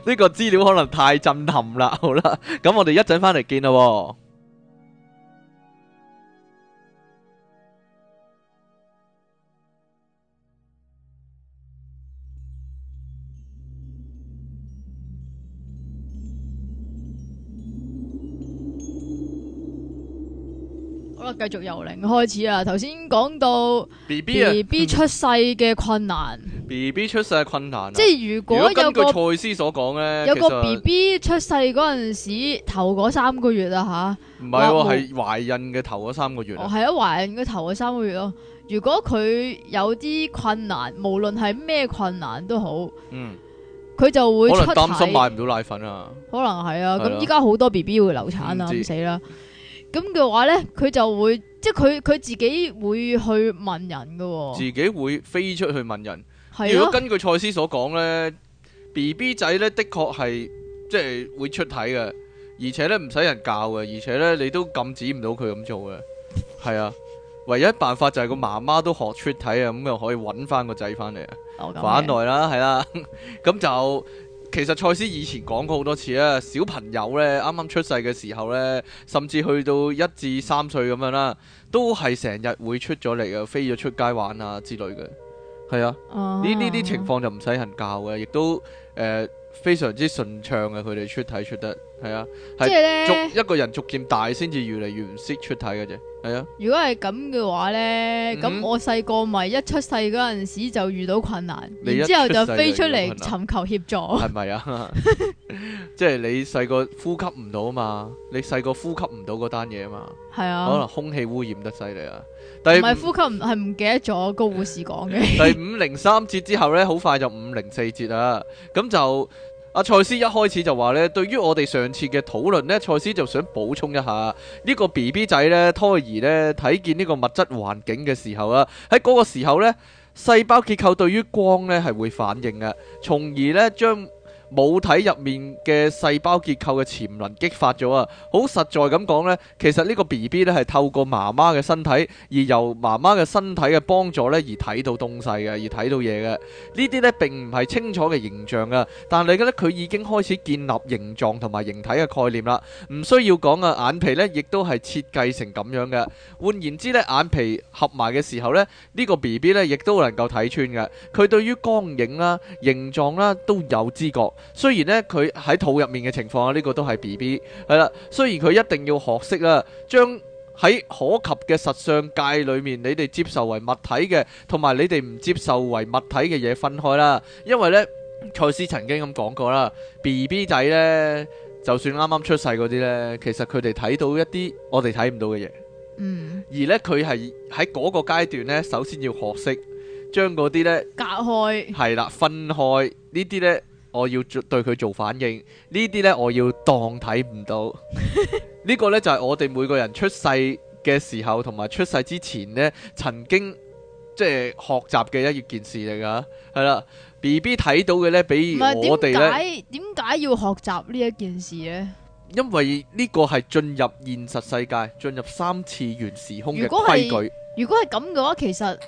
B: 呢 (laughs) (laughs) 個資料可能太震撼啦，好啦，咁我哋一陣翻嚟見咯、哦。
A: 繼續由零開始啊！頭先講到 B B B B 出世嘅困難，B
B: B 出世嘅困難。即係如果根據賽斯所講咧，有個 B B
A: 出世嗰陣時頭嗰三個月啊吓，唔係喎，係
B: 懷孕嘅頭嗰三個月。哦，係
A: 啊，懷孕嘅頭嗰三個月咯。如果佢有啲困難，無論係咩困難都好，嗯，佢就會出。擔心買
B: 唔到奶粉啊。
A: 可能係啊，咁依家好多 B B 會流產啊，死啦。咁嘅話呢，佢就會即係佢佢自己會去問人噶、哦，自
B: 己會飛出去問人。
A: 啊、如果根
B: 據賽斯所講呢 BB 仔呢的確係即係會出體嘅，而且呢唔使人教嘅，而且呢你都禁止唔到佢咁做嘅。係 (laughs) 啊，唯一辦法就係個媽媽都學出體啊，咁又可以揾翻個仔翻嚟啊，哦、反內啦，係 (laughs) 啦，咁就。其實賽斯以前講過好多次啊，小朋友呢啱啱出世嘅時候呢，甚至去到一至三歲咁樣啦，都係成日會出咗嚟嘅，飛咗出街玩啊之類嘅，係啊，
A: 呢呢啲情
B: 況就唔使人教嘅，亦都誒。呃非常之順暢嘅，佢哋出體出得係啊，係逐，即係呢一個人逐漸大先至越嚟越唔識出體嘅啫，係啊。
A: 如果係咁嘅話咧，咁、嗯、我細個咪一出世嗰陣時就遇到困難，然之後就飛出嚟尋求協助，係咪啊？
B: 即係 (laughs) (laughs) 你細個呼吸唔到啊嘛，你細個呼吸唔到嗰單嘢啊嘛，係啊，可能空氣污染得犀利啊。唔係呼
A: 吸，係唔記得咗個護士講嘅。第
B: 五零三節之後呢好快就五零四節喇。咁就阿賽斯一開始就話呢對於我哋上次嘅討論呢賽斯就想補充一下呢、這個 B B 仔呢，胎兒呢，睇見呢個物質環境嘅時候啊，喺嗰個時候呢，細胞結構對於光呢係會反應嘅，從而呢將。將母體入面嘅細胞結構嘅潛能激發咗啊！好實在咁講呢，其實呢個 B B 呢係透過媽媽嘅身體而由媽媽嘅身體嘅幫助呢，而睇到東西嘅，而睇到嘢嘅。呢啲呢並唔係清楚嘅形象啊，但係你覺得佢已經開始建立形狀同埋形體嘅概念啦，唔需要講啊。眼皮呢亦都係設計成咁樣嘅。換言之呢，眼皮合埋嘅時候、這個、呢，呢個 B B 呢亦都能夠睇穿嘅。佢對於光影啦、啊、形狀啦、啊、都有知覺。雖然呢，佢喺肚入面嘅情況呢、呢個都係 B B 係啦。雖然佢一定要學識啦，將喺可及嘅實相界裏面，你哋接受為物體嘅，同埋你哋唔接受為物體嘅嘢分開啦。因為呢，賽斯曾經咁講過啦，B B 仔呢，就算啱啱出世嗰啲呢，其實佢哋睇到一啲我哋睇唔到嘅嘢。嗯，而呢，佢係喺嗰個階段呢，首先要學識將嗰啲呢
A: 隔開，
B: 係啦，分開呢啲呢。我要做對佢做反應，呢啲呢，我要當睇唔到。呢 (laughs) 個呢，就係、是、我哋每個人出世嘅時候，同埋出世之前呢曾經即係學習嘅一件事嚟噶係啦，B B 睇到嘅呢，比如我哋呢，
A: 點解要學習呢一件事呢？
B: 因為呢個係進入現實世界、進入三次元時空嘅規矩
A: 如。如果係咁嘅話，其實。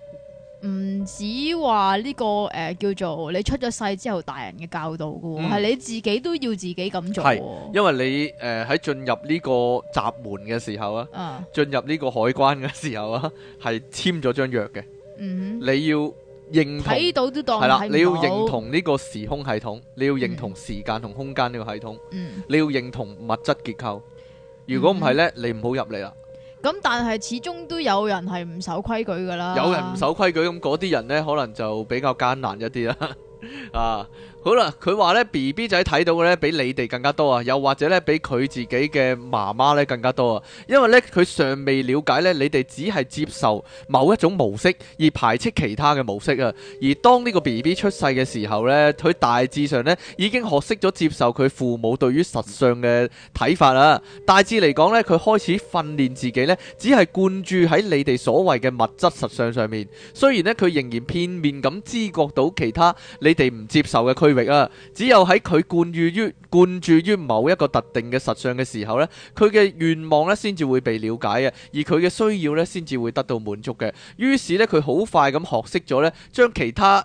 A: 唔止話呢，這個誒、呃、叫做你出咗世之後大人嘅教導嘅，係、嗯、你自己都要自己咁做。
B: 因為你誒喺進入呢個閘門嘅時候啊，進入呢個海關嘅時候啊，係簽咗張約嘅。嗯、哼你要認同。睇到都當係啦，你要認同呢個時空系統，你要認同時間同空間呢個系統。嗯、你要認同物質結構。嗯、哼如果唔係呢，你唔好入嚟啦。
A: 咁但係始終都有人係唔守規矩噶啦，有人唔
B: 守規矩，咁嗰啲人呢可能就比較艱難一啲啦，啊。好啦，佢話咧 B B 仔睇到嘅咧比你哋更加多啊，又或者咧比佢自己嘅媽媽咧更加多啊，因為咧佢尚未了解咧你哋只係接受某一種模式而排斥其他嘅模式啊，而當呢個 B B 出世嘅時候咧，佢大致上咧已經學識咗接受佢父母對於實相嘅睇法啦，大致嚟講咧佢開始訓練自己咧只係灌注喺你哋所謂嘅物質實相上面，雖然咧佢仍然片面咁知覺到其他你哋唔接受嘅佢。域啊，只有喺佢灌，灌注於灌注於某一個特定嘅實相嘅時候呢，佢嘅願望咧先至會被了解嘅，而佢嘅需要咧先至會得到滿足嘅。於是呢，佢好快咁學識咗呢，將其他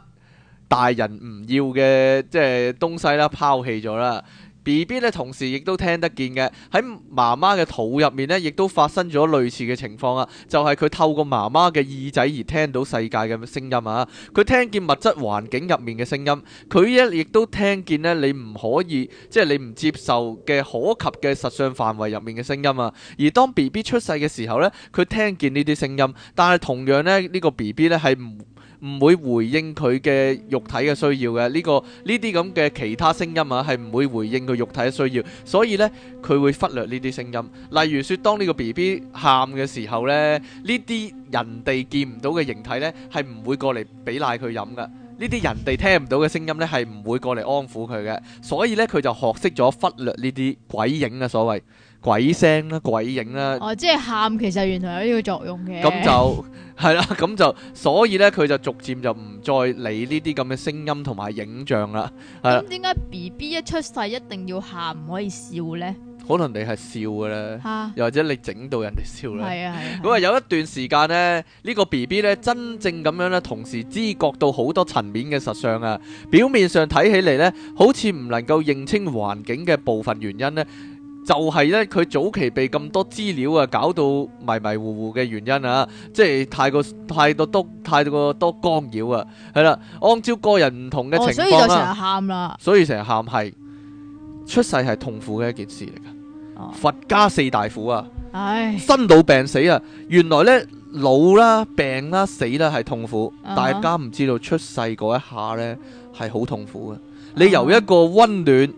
B: 大人唔要嘅即係東西啦拋棄咗啦。B B 咧，寶寶同時亦都聽得見嘅，喺媽媽嘅肚入面咧，亦都發生咗類似嘅情況啊！就係、是、佢透過媽媽嘅耳仔而聽到世界嘅聲音啊！佢聽見物質環境入面嘅聲音，佢一亦都聽見咧，你唔可以，即、就、係、是、你唔接受嘅可及嘅實相範圍入面嘅聲音啊！而當 B B 出世嘅時候咧，佢聽見呢啲聲音，但係同樣咧，呢個 B B 咧係唔。唔會回應佢嘅肉體嘅需要嘅，呢個呢啲咁嘅其他聲音啊，係唔會回應佢肉體嘅需要，所以咧佢會忽略呢啲聲音。例如說，當呢個 BB 喊嘅時候咧，呢啲人哋見唔到嘅形體咧，係唔會過嚟俾奶佢飲噶。呢啲人哋聽唔到嘅聲音咧，係唔會過嚟安撫佢嘅。所以咧，佢就學識咗忽略呢啲鬼影嘅所謂鬼聲啦，鬼影啦。哦，
A: 即係喊，其實原來有呢個作用嘅。咁就
B: 係啦，咁就所以咧，佢就逐漸就唔再理呢啲咁嘅聲音同埋影像啦。係啊。咁
A: 點解 B B 一出世一定要喊唔可以笑咧？
B: 可能你係笑嘅咧，又或者你整到人哋笑啦。係啊係啊。咁啊有一段時間咧，呢個 B B 咧真正咁樣咧，同時知覺到好多層面嘅實相啊。表面上睇起嚟咧，好似唔能夠認清環境嘅部分原因咧。就係咧，佢早期被咁多資料啊搞到迷迷糊糊嘅原因啊，即係太過太多太多太過多干擾啊，係啦。按照個人唔同嘅情況啦、哦，所以成日喊啦。所以成日喊係出世係痛苦嘅一件事嚟㗎。哦、佛家四大苦啊，生老唉病死啊。原來呢，老啦、病啦、死啦係痛苦。啊、哈大家唔知道出世嗰一下呢係好痛苦嘅。啊、你由一個温暖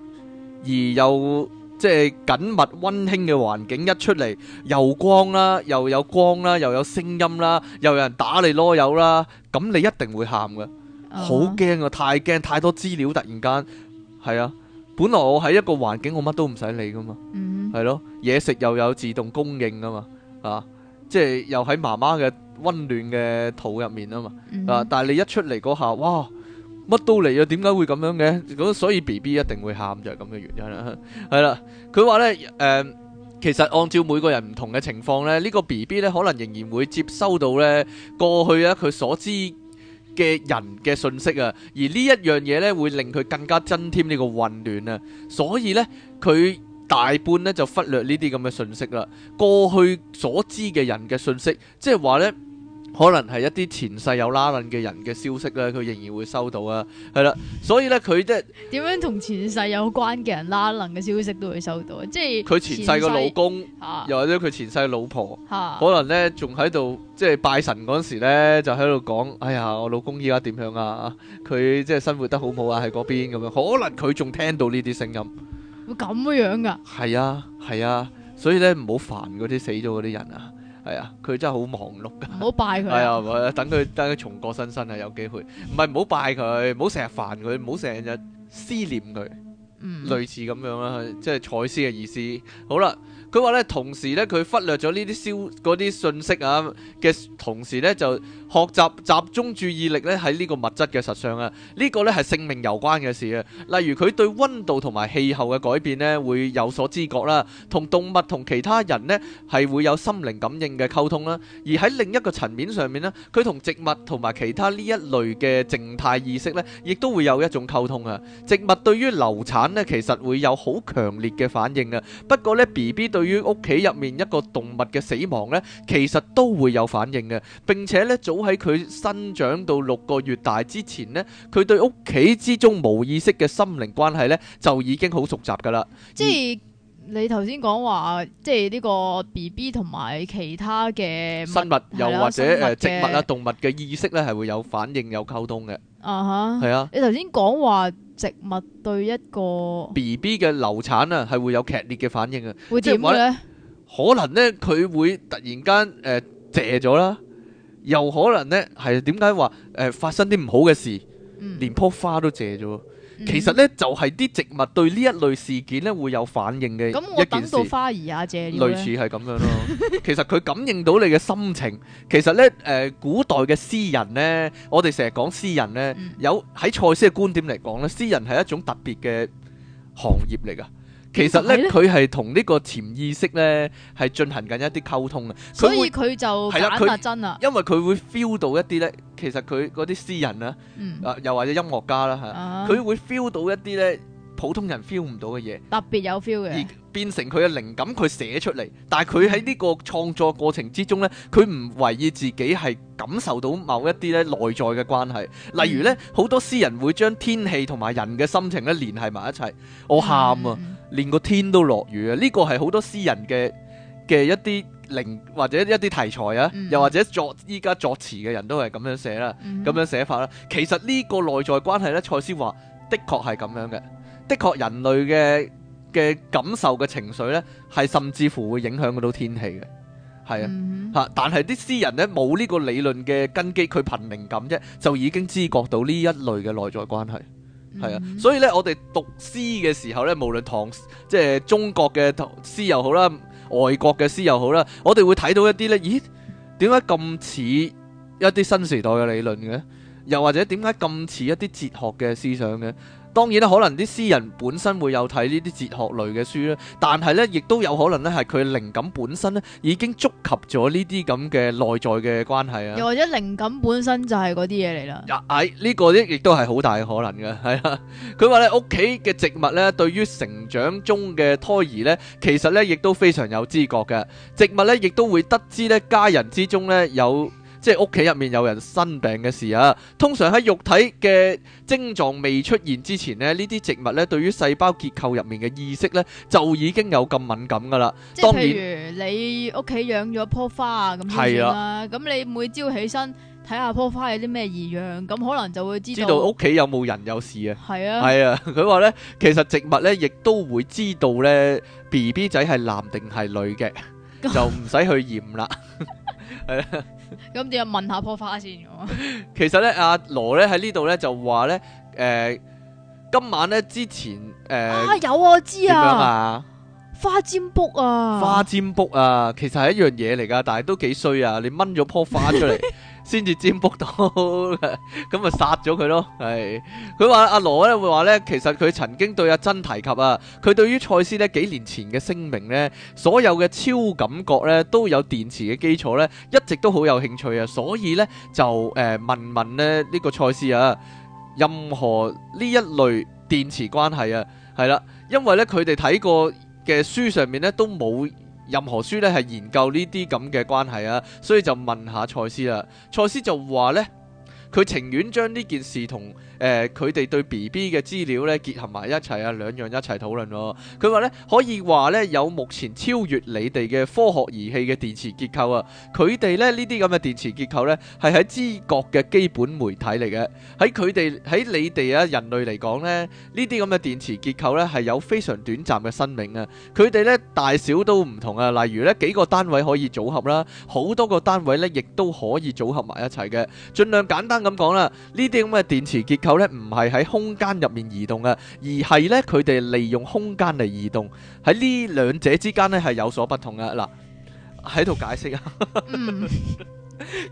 B: 而又即係緊密温馨嘅環境一出嚟，又光啦，又有光啦，又有聲音啦，又有人打你囉友啦，咁你一定會喊嘅，uh huh. 好驚啊！太驚，太多資料突然間，係啊，本來我喺一個環境，我乜都唔使理噶嘛，係咯，uh huh. 啊，嘢食又有自動供應噶嘛，啊，即係又喺媽媽嘅温暖嘅肚入面啊嘛，啊，uh huh. 但係你一出嚟嗰下，哇！乜都嚟啊？點解會咁樣嘅？咁所以 BB 一定會喊就係咁嘅原因啦。係啦，佢話咧誒，其實按照每個人唔同嘅情況咧，呢個 BB 咧可能仍然會接收到咧過去咧佢所知嘅人嘅信息啊。而呢一樣嘢咧會令佢更加增添呢個混亂啊。所以咧佢大半咧就忽略呢啲咁嘅信息啦。過去所知嘅人嘅信息，即係話咧。可能係一啲前世有拉楞嘅人嘅消息咧，佢仍然會收到啊，係啦，所以咧佢即係
A: 點樣同前世有關嘅人拉楞嘅消息都會收到，啊。即係佢前世個老公，又、啊、或
B: 者佢前世老婆，啊、可能咧仲喺度，即係拜神嗰時咧就喺度講，哎呀，我老公依家點樣啊？佢即係生活得好唔好啊？喺嗰邊咁樣，可能佢仲聽到呢啲聲音，
A: 會咁樣噶？係
B: 啊，係啊，所以咧唔好煩嗰啲死咗嗰啲人啊！係、哎、啊，佢真係好忙碌
A: 噶。唔好拜佢。係
B: 啊，等佢等佢重過新生啊，有機會。唔係唔好拜佢，唔好成日煩佢，唔好成日思念佢。類似咁樣啦，即係賽斯嘅意思。好啦，佢話咧，同時咧，佢忽略咗呢啲消嗰啲信息啊嘅同時咧，就學習集中注意力咧喺呢個物質嘅實相啊。這個，呢個咧係性命有關嘅事啊。例如佢對溫度同埋氣候嘅改變咧會有所知覺啦，同動物同其他人呢係會有心靈感應嘅溝通啦。而喺另一個層面上面呢，佢同植物同埋其他呢一類嘅靜態意識咧，亦都會有一種溝通啊。植物對於流產。咧其實會有好強烈嘅反應嘅，不過咧 BB 對於屋企入面一個動物嘅死亡咧，其實都會有反應嘅，並且咧早喺佢生長到六個月大之前咧，佢對屋企之中冇意識嘅心靈關係咧就已經好熟習噶啦。
A: 即係你頭先講話，即係呢個 BB 同埋其他嘅生物，又或者誒植物啊、動
B: 物嘅意識咧，係會有反應、有溝通嘅。
A: 啊哈，係啊。你頭先講話。植物對一個
B: BB 嘅流產啊，係會有劇烈嘅反應啊！會點咧？可能咧，佢會突然間誒謝咗啦，又可能咧係點解話誒發生啲唔好嘅事，嗯、連棵花都謝咗。其實咧就係、是、啲植物對呢一類事件咧會有反應嘅到一件
A: 事，類似係
B: 咁樣咯。 (laughs) 其實佢感應到你嘅心情。其實咧，誒、呃，古代嘅詩人咧，我哋成日講詩人咧，嗯、有喺賽斯嘅觀點嚟講咧，詩人係一種特別嘅行業嚟噶。其實咧，佢係同呢個潛意識咧係進行緊一啲溝通啊。所以佢
A: 會就打脈真啊，因
B: 為佢會 feel 到一啲咧，其實佢嗰啲詩人啦，啊，嗯、又或者音樂家啦、啊、嚇，佢、啊、會 feel 到一啲咧普通人 feel 唔到嘅嘢，
A: 特別有 feel 嘅，而
B: 變成佢嘅靈感，佢寫出嚟。但係佢喺呢個創作過程之中咧，佢唔懷疑自己係感受到某一啲咧內在嘅關係。例如咧，好、嗯、多詩人會將天氣同埋人嘅心情咧連繫埋一齊。我喊啊！啊連個天都落雨啊！呢個係好多詩人嘅嘅一啲靈或者一啲題材啊，嗯、又或者作依家作詞嘅人都係咁樣寫啦，咁、嗯、樣寫法啦。其實呢個內在關係呢，賽斯話的確係咁樣嘅，的確人類嘅嘅感受嘅情緒呢，係甚至乎會影響到天氣嘅，係啊嚇。嗯、但係啲詩人呢，冇呢個理論嘅根基，佢憑靈感啫，就已經知覺到呢一類嘅內在關係。係啊，所以咧，我哋讀詩嘅時候咧，無論唐即係中國嘅唐詩又好啦，外國嘅詩又好啦，我哋會睇到一啲咧，咦？點解咁似一啲新時代嘅理論嘅？又或者點解咁似一啲哲學嘅思想嘅？當然咧，可能啲詩人本身會有睇呢啲哲學類嘅書啦，但係咧，亦都有可能咧，係佢靈感本身咧已經觸及咗呢啲咁嘅內在嘅關係啊，又或
A: 者靈感本身就係嗰啲嘢嚟啦。呀、
B: 哎，呢、這個咧亦都係好大嘅可能嘅，係 (laughs) 啦。佢話咧屋企嘅植物咧，對於成長中嘅胎兒咧，其實咧亦都非常有知覺嘅，植物咧亦都會得知咧家人之中咧有。即係屋企入面有人生病嘅事啊，通常喺肉體嘅症狀未出現之前呢，呢啲植物咧對於細胞結構入面嘅意識咧就已經有咁敏感噶啦。即係是面譬如
A: 你屋企養咗棵花啊，咁樣啊，咁你每朝起身睇下棵花有啲咩異樣，咁可能就會知道屋
B: 企有冇人有事啊。係啊，係啊，佢話咧，其實植物咧亦都會知道咧 B B 仔係男定係女嘅，就唔使去驗啦。
A: 係啦，咁點啊？問下棵花先。咁
B: 其實咧，阿羅咧喺呢度咧就話咧，誒、呃，今晚咧之前誒、呃啊，
A: 有、啊、我知啊，啊花尖卜啊，花
B: 尖卜啊，其實係一樣嘢嚟噶，但係都幾衰啊！你掹咗棵花出嚟。 (laughs) 先至占卜到，咁 (laughs) 咪殺咗佢咯？係佢話阿羅咧會話咧，其實佢曾經對阿珍提及啊，佢對於賽斯咧幾年前嘅聲明呢，所有嘅超感覺呢都有電池嘅基礎呢，一直都好有興趣啊，所以呢，就誒、呃、問問咧呢、呢個賽斯啊，任何呢一類電池關係啊，係啦，因為呢，佢哋睇過嘅書上面呢都冇。任何書咧係研究呢啲咁嘅關係啊，所以就問下賽斯啦。賽斯就話呢，佢情願將呢件事同，誒佢哋對 BB 嘅資料咧結合埋一齊啊，兩樣一齊討論咯。佢話咧可以話咧有目前超越你哋嘅科學儀器嘅電池結構啊。佢哋咧呢啲咁嘅電池結構咧係喺知覺嘅基本媒體嚟嘅。喺佢哋喺你哋啊人類嚟講咧呢啲咁嘅電池結構咧係有非常短暫嘅生命啊。佢哋咧大小都唔同啊。例如咧幾個單位可以組合啦，好多個單位咧亦都可以組合埋一齊嘅。盡量簡單咁講啦，呢啲咁嘅電池結構。唔係喺空間入面移動嘅，而係咧佢哋利用空間嚟移動。喺呢兩者之間咧係有所不同嘅。嗱，喺度解釋啊，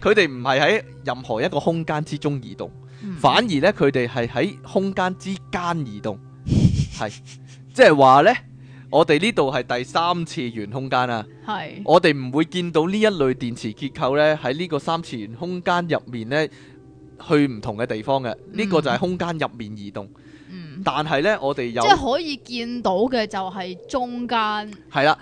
B: 佢哋唔係喺任何一個空間之中移動，嗯、反而呢，佢哋係喺空間之間移動。係， (laughs) 即係話呢，我哋呢度係第三次元空間啊。係是，我哋唔會見到呢一類電磁結構呢，喺呢個三次元空間入面呢。去唔同嘅地方嘅，嗯，呢個就係空間入面移動。嗯，但係呢，我哋有即係可
A: 以見到嘅就係中間
B: 係啦。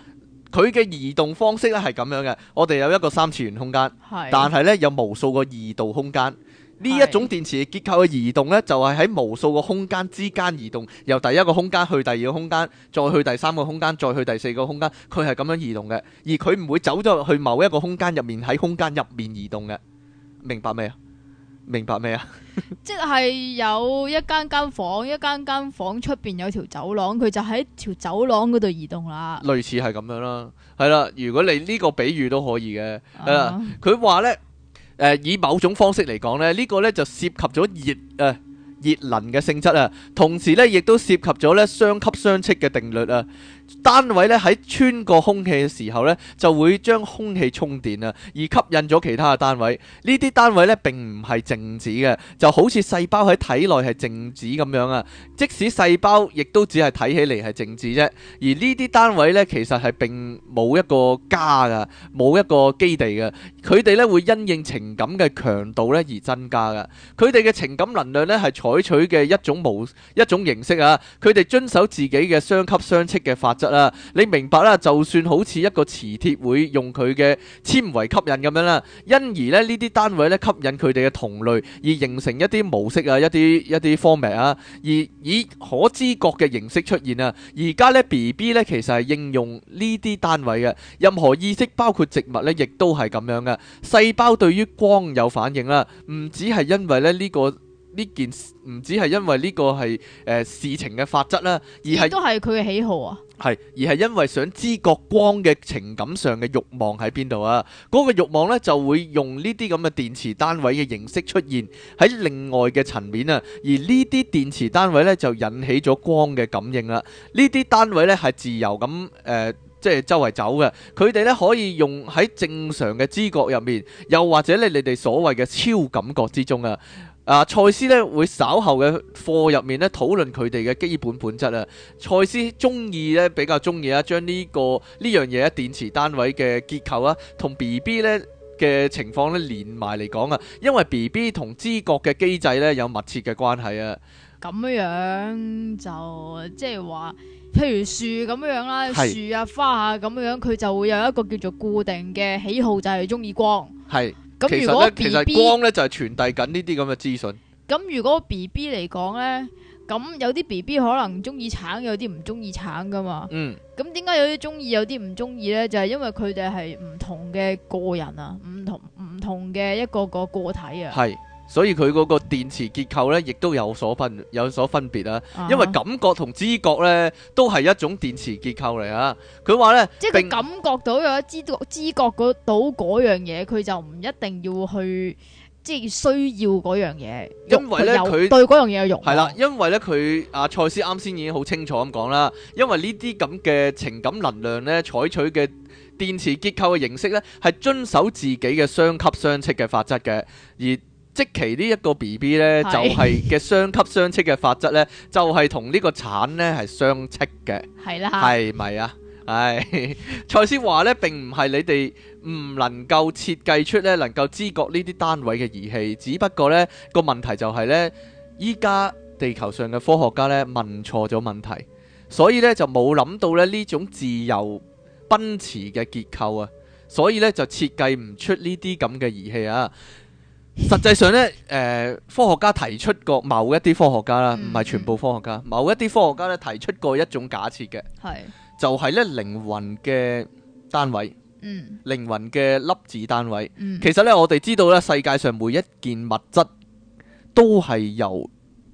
B: 佢嘅移動方式呢係咁樣嘅。我哋有一個三次元空間，的但係呢，有無數個二度空間。呢的一種電池結構嘅移動呢，就係、是、喺無數個空間之間移動，由第一個空間去第二個空間，再去第三個空間，再去第四個空間，佢係咁樣移動嘅。而佢唔會走咗去某一個空間入面喺空間入面移動嘅。明白未啊？明白未啊？
A: (laughs) 即係有一間間房，一間間房出邊有條走廊，佢就喺條走廊嗰度移動啦。
B: 類似係咁樣啦，係啦。如果你呢個比喻都可以嘅，啦啊，佢話呢，誒、呃，以某種方式嚟講、這個、呢，呢個呢就涉及咗熱誒熱能嘅性質啊，同時呢亦都涉及咗呢相吸相斥嘅定律啊。單位咧喺穿過空氣嘅時候咧，就會將空氣充電啊，而吸引咗其他嘅單位。呢啲單位咧並唔係靜止嘅，就好似細胞喺體內係靜止咁樣啊。即使細胞亦都只係睇起嚟係靜止啫。而呢啲單位咧其實係並冇一個家噶，冇一個基地嘅。佢哋咧會因應情感嘅強度咧而增加噶。佢哋嘅情感能量咧係採取嘅一種模一種形式啊。佢哋遵守自己嘅雙級雙斥嘅法質啦，你明白啦？就算好似一個磁鐵會用佢嘅纖維吸引咁樣啦，因而咧呢啲單位咧吸引佢哋嘅同類，而形成一啲模式啊，一啲一啲 formula 啊，而以可知覺嘅形式出現啊。而家咧 B B 咧其實係應用呢啲單位嘅，任何意識包括植物咧亦都係咁樣嘅。細胞對於光有反應啦，唔只係因為咧呢個呢件事，唔只係因為呢、這個係誒、這個呃、事情嘅法則啦，而係都
A: 係佢嘅喜好啊。
B: 係，而係因為想知覺光嘅情感上嘅慾望喺邊度啊？嗰個慾望呢，就會用呢啲咁嘅電池單位嘅形式出現喺另外嘅層面啊。而呢啲電池單位呢，就引起咗光嘅感應啦。呢啲單位呢，係自由咁誒，即係周圍走嘅。佢哋呢，可以用喺正常嘅知覺入面，又或者呢你哋所謂嘅超感覺之中啊。啊，賽斯咧會稍後嘅課入面咧討論佢哋嘅基本本質啊。賽斯中意咧比較中意啊，將呢、這個呢樣嘢啊電池單位嘅結構啊同 B B 咧嘅情況咧連埋嚟講啊，因為 B B 同知覺嘅機制咧有密切嘅關係啊。
A: 咁樣樣就即係話，譬如樹咁樣啦，樹是啊花啊咁樣，佢就會有一個叫做固定嘅喜好，就係中意光。係。其實咧，光咧就
B: 係傳遞緊呢啲咁嘅資訊。
A: 咁如果 B B 嚟講咧，咁有啲 B B 可能中意橙，有啲唔中意橙噶嘛。嗯。咁點解有啲中意，有啲唔中意咧？就係因為佢哋係唔同嘅個人啊，唔同唔同嘅一個個個體啊。係。
B: 所以佢嗰個電池結構咧，亦都有所分，有所分別啊！因為感覺同知覺咧，都係一種電池結構嚟啊！佢
A: 話咧，即係佢感覺到有一並知覺知覺嗰到嗰樣嘢，佢就唔一定要去，即係需要嗰樣嘢。因為咧，佢對嗰樣嘢有用。係啦，因
B: 為咧，佢阿賽斯啱先已經好清楚咁講啦。因為呢啲咁嘅情感能量咧，採取嘅電池結構嘅形式咧，係遵守自己嘅雙級雙斥嘅法則嘅，而即其呢一個 B B 呢，就係嘅相級相斥嘅法則呢，就係、是、同呢個鏟呢係相斥嘅，係咪 (laughs) 啊？唉，賽斯話呢，並唔係你哋唔能夠設計出呢，能夠知覺呢啲單位嘅儀器，只不過呢個問題就係呢，依家地球上嘅科學家呢，問錯咗問題，所以呢，就冇諗到咧呢種自由奔馳嘅結構啊，所以呢，就設計唔出呢啲咁嘅儀器啊。實際上咧，誒、呃，科學家提出過，某一啲科學家啦，唔係、嗯、全部科學家，某一啲科學家咧提出過一種假設嘅，係是就係咧靈魂嘅單位，嗯，靈魂嘅粒子單位，嗯、其實咧我哋知道咧世界上每一件物質都係由。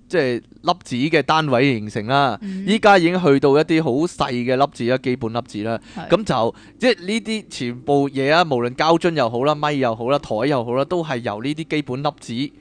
B: 即係粒子嘅單位形成啦，依家已經去到一啲好細嘅粒子啦，基本粒子啦，咁是的 就即係呢啲全部嘢啊，無論膠樽又好啦、咪又好啦、枱又好啦，都係由呢啲基本粒子。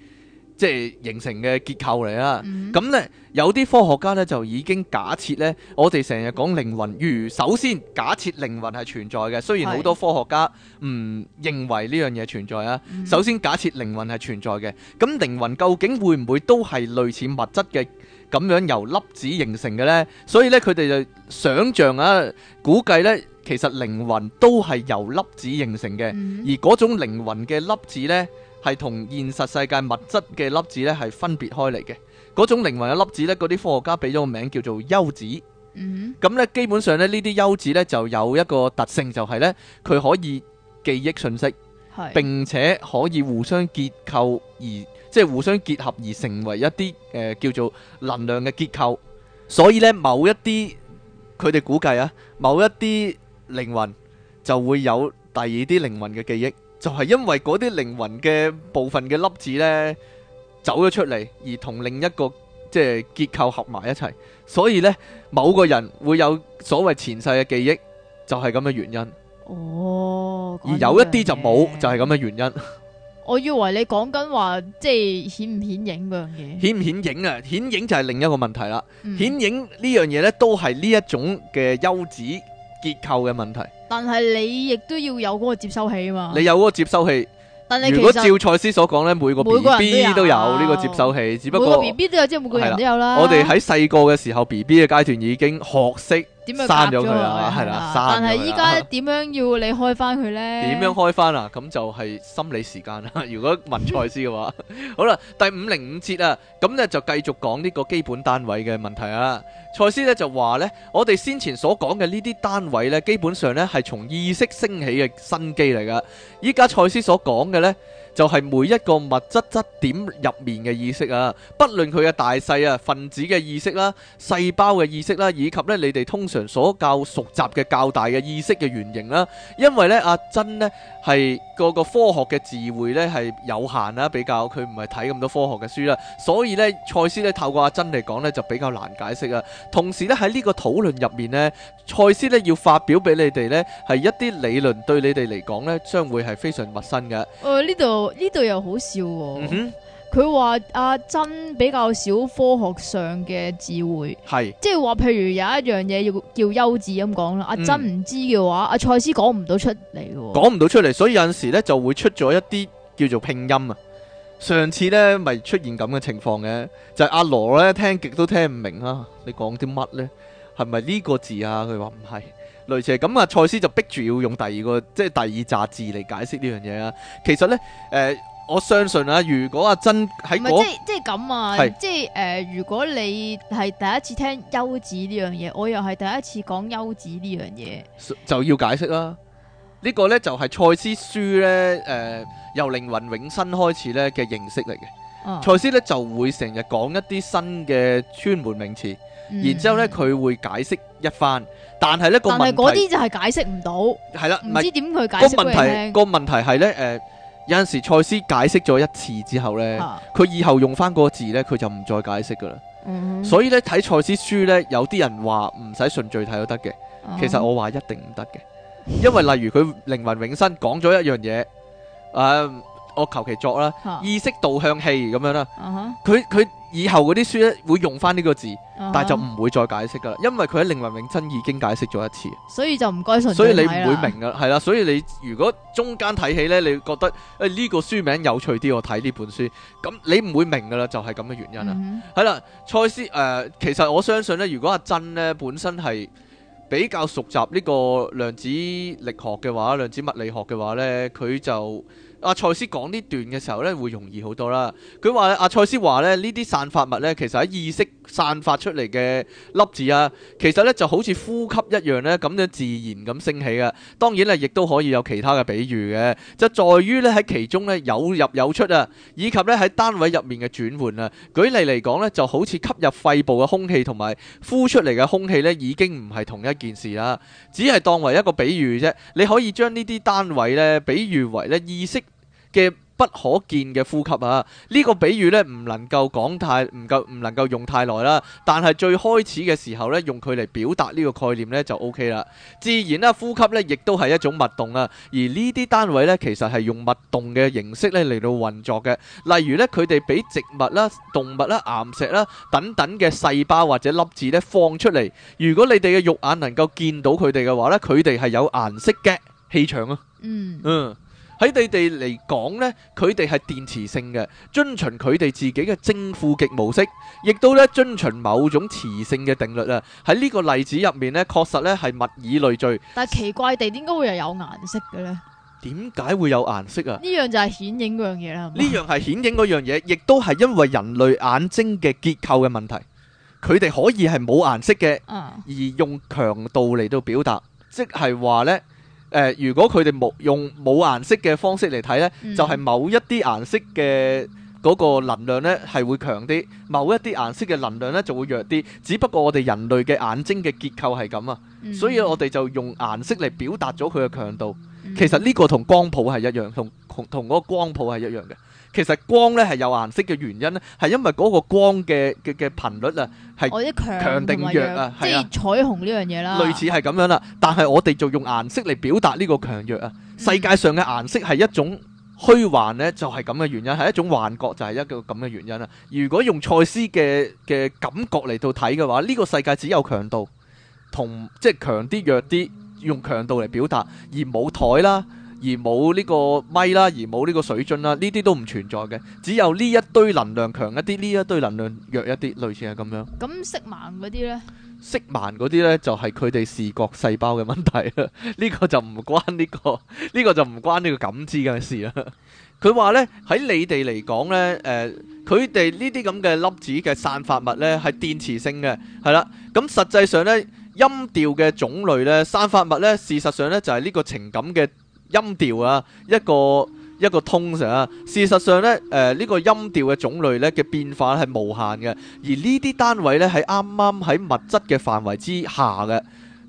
B: 即係形成嘅結構嚟啦。咁、mm hmm. 呢，有啲科學家呢就已經假設呢。我哋成日講靈魂，如首先假設靈魂係存在嘅，雖然好多科學家唔認為呢樣嘢存在啊。Mm hmm. 首先假設靈魂係存在嘅，咁靈魂究竟會唔會都係類似物質嘅咁樣由粒子形成嘅呢？所以呢，佢哋就想像啊，估計呢，其實靈魂都係由粒子形成嘅，mm hmm. 而嗰種靈魂嘅粒子呢。係同現實世界物質嘅粒子咧係分別開嚟嘅。嗰種靈魂嘅粒子咧，嗰啲科學家俾咗個名叫做幽子。嗯，咁咧基本上咧呢啲幽子呢，就有一個特性，就係呢，佢可以記憶信息，是並且可以互相結構而即係互相結合而成為一啲誒、呃、叫做能量嘅結構。所以呢，某一啲佢哋估計啊，某一啲靈魂就會有第二啲靈魂嘅記憶。就係因為嗰啲靈魂嘅部分嘅粒子呢，走咗出嚟，而同另一個即係結構合埋一齊，所以呢，某個人會有所謂前世嘅記憶，就係咁嘅原因。
A: 哦，而有一啲
B: 就冇，就係咁嘅原因。
A: 我以為你講緊話即係顯唔顯影嗰樣嘢？
B: 顯唔顯影啊？顯影就係另一個問題啦。顯影呢樣嘢呢，都係呢一種嘅優子結構嘅問題。
A: 但係你亦都要有嗰個接收器啊嘛，你
B: 有嗰個接收器。
A: 但你如果照賽
B: 斯所講咧，每個 BB 每個都有呢個接收器，只不過 B B
A: 都有，即、就、係、是、每個人都有啦。我哋喺
B: 細個嘅時候，B B 嘅階段已經學識。刪咗佢啦，係啦，刪，但係依家
A: 點樣要你開翻佢呢？點樣
B: 開翻啊？咁就係心理時間啦。如果問賽斯嘅話， (laughs) (laughs) 好啦，第五零五節啊，咁呢就繼續講呢個基本單位嘅問題啊。賽斯呢就話呢，我哋先前所講嘅呢啲單位呢，基本上呢係從意識升起嘅新機嚟噶。依家賽斯所講嘅呢，就係每一個物質質點入面嘅意識啊，不論佢嘅大細啊，分子嘅意識啦、啊，細胞嘅意識啦、啊，以及咧你哋通常所較熟習嘅較大嘅意識嘅原型啦、啊，因為咧阿珍呢係。個個科學嘅智慧呢係有限啦，比較佢唔係睇咁多科學嘅書啦，所以呢，賽斯呢透過阿珍嚟講呢，就比較難解釋啊。同時呢，喺呢個討論入面呢，賽斯呢要發表俾你哋呢，係一啲理論對你哋嚟講呢，將會係非常陌生嘅。
A: 哦，呢度呢度又好笑喎、哦。嗯哼佢話阿珍比較少科學上嘅智慧，係即係話譬如有一樣嘢要叫幼稚咁講啦，阿珍唔知嘅話，阿賽斯講唔到出嚟
B: 嘅，講唔到出嚟，所以有陣時咧就會出咗一啲叫做拼音啊。上次咧咪出現咁嘅情況嘅，就係、是、阿羅咧聽極都聽唔明啊，你講啲乜咧？係咪呢個字啊？佢話唔係，類似咁啊。賽斯就逼住要用第二個即係第二扎字嚟解釋呢樣嘢啊。其實咧，誒、呃。我相信啊，如果阿珍喺，唔係即係
A: 即係咁啊，即係誒，如果你係第一次聽優子呢樣嘢，我又係第一次講優子呢樣嘢，
B: 就要解釋啦。呢個咧就係賽斯書咧誒，由靈魂永生開始咧嘅認識嚟嘅。賽斯咧就會成日講一啲新嘅專門名詞，然之後咧佢會解釋一番。但係咧個問題，嗰啲就係
A: 解釋唔到，係
B: 啦，唔知點去解釋佢。個問題個問題係咧誒。有陣時賽斯解釋咗一次之後呢，佢、啊、以後用返個字呢，佢就唔再解釋㗎喇。嗯、哼所以呢，睇賽斯書呢，有啲人話唔使順序睇都得嘅，其實我話一定唔得嘅，因為例如佢靈魂永生講咗一樣嘢，誒、呃，我求其作啦，啊、意識導向器咁樣啦，佢佢、嗯哼。以後嗰啲書咧會用返呢個字，uh huh. 但係就唔會再解釋噶啦，因為佢喺《靈魂永真》已經解釋咗一次，
A: 所以就唔該順著睇啦。所以你唔會明
B: 噶啦，係啦。所以你如果中間睇起咧，你覺得誒呢、呃呢個書名有趣啲，我睇呢本書，咁你唔會明噶啦，uh huh. 啦，就係咁嘅原因啦。係啦，賽斯誒，其實我相信咧，如果阿珍咧本身係比較熟習呢個量子力學嘅話，量子物理學嘅話咧，佢就。阿賽斯講呢段嘅時候咧，會容易好多啦。佢話：阿賽斯話咧，呢啲散發物咧，其實喺意識。散發出嚟嘅粒子啊，其實咧就好似呼吸一樣咧，咁樣自然咁升起啊。當然咧，亦都可以有其他嘅比喻嘅，就在於咧喺其中咧有入有出啊，以及咧喺單位入面嘅轉換啊。舉例嚟講咧，就好似吸入肺部嘅空氣同埋呼出嚟嘅空氣咧，已經唔係同一件事啦。只係當為一個比喻啫。你可以將呢啲單位咧，比喻為咧意識嘅。不可見嘅呼吸啊！呢個比喻咧唔能夠講太，唔夠唔能夠用太耐啦。但係最開始嘅時候咧，用佢嚟表達呢個概念咧就 OK 啦。自然咧，呼吸咧亦都係一種脈動啊。而呢啲單位咧，其實係用脈動嘅形式咧嚟到運作嘅。例如咧，佢哋俾植物啦、動物啦、岩石啦等等嘅細胞或者粒子咧放出嚟。如果你哋嘅肉眼能夠見到佢哋嘅話咧，佢哋係有顏色嘅氣場啊。嗯。嗯。喺你哋嚟講咧，佢哋係電磁性嘅，遵循佢哋自己嘅正負極模式，亦都咧遵循某種磁性嘅定律啊。喺呢個例子入面咧，確實咧係物以類聚。
A: 但奇怪地，點解會又有顏色嘅咧？
B: 點解會有顏色啊？
A: 呢樣就係顯影嗰樣嘢啦。呢
B: 樣係顯影嗰樣嘢，亦都係因為人類眼睛嘅結構嘅問題，佢哋可以係冇顏色嘅，而用強度嚟到表達，即係話咧。誒、呃，如果佢哋冇用冇顏色嘅方式嚟睇呢，就係某一啲顏色嘅嗰個能量呢係會強啲，某一啲顏色嘅能量呢就會弱啲。只不過我哋人類嘅眼睛嘅結構係咁啊，嗯、所以我哋就用顏色嚟表達咗佢嘅強度。其實呢個同光譜係一樣，同同嗰個光譜係一樣嘅。其實光咧係有顏色嘅原因咧，係因為嗰個光嘅嘅嘅頻率強啊，係強強定弱啊，即係
A: 彩虹呢樣嘢啦。類似
B: 係咁樣啦，但係我哋就用顏色嚟表達呢個強弱啊。世界上嘅顏色係一種虛幻咧，就係咁嘅原因，係一種幻覺，就係一個咁嘅原因啊。如果用賽斯嘅嘅感覺嚟到睇嘅話，呢、呢個世界只有強度強度同即係強啲弱啲，用強度嚟表達，而冇枱啦。而冇呢個咪啦，而冇呢個水樽啦，呢啲都唔存在嘅，只有呢一堆能量強一啲，呢一堆能量弱一啲，類似係咁樣。
A: 咁色盲嗰啲呢？色
B: 盲嗰啲呢就係佢哋視覺細胞嘅問題啦，呢個就唔關呢個，呢個就唔關呢個感知嘅事啦。佢話呢喺你哋嚟講呢，誒佢哋呢啲咁嘅粒子嘅散發物呢，係電磁性嘅，係啦。咁實際上呢，音調嘅種類呢，散發物呢，事實上呢就係呢個情感嘅。音調啊，一個一個通常啊。事實上咧，誒呢個音調嘅種類咧嘅變化咧係無限嘅。而呢啲單位咧係啱啱喺物質嘅範圍之下嘅，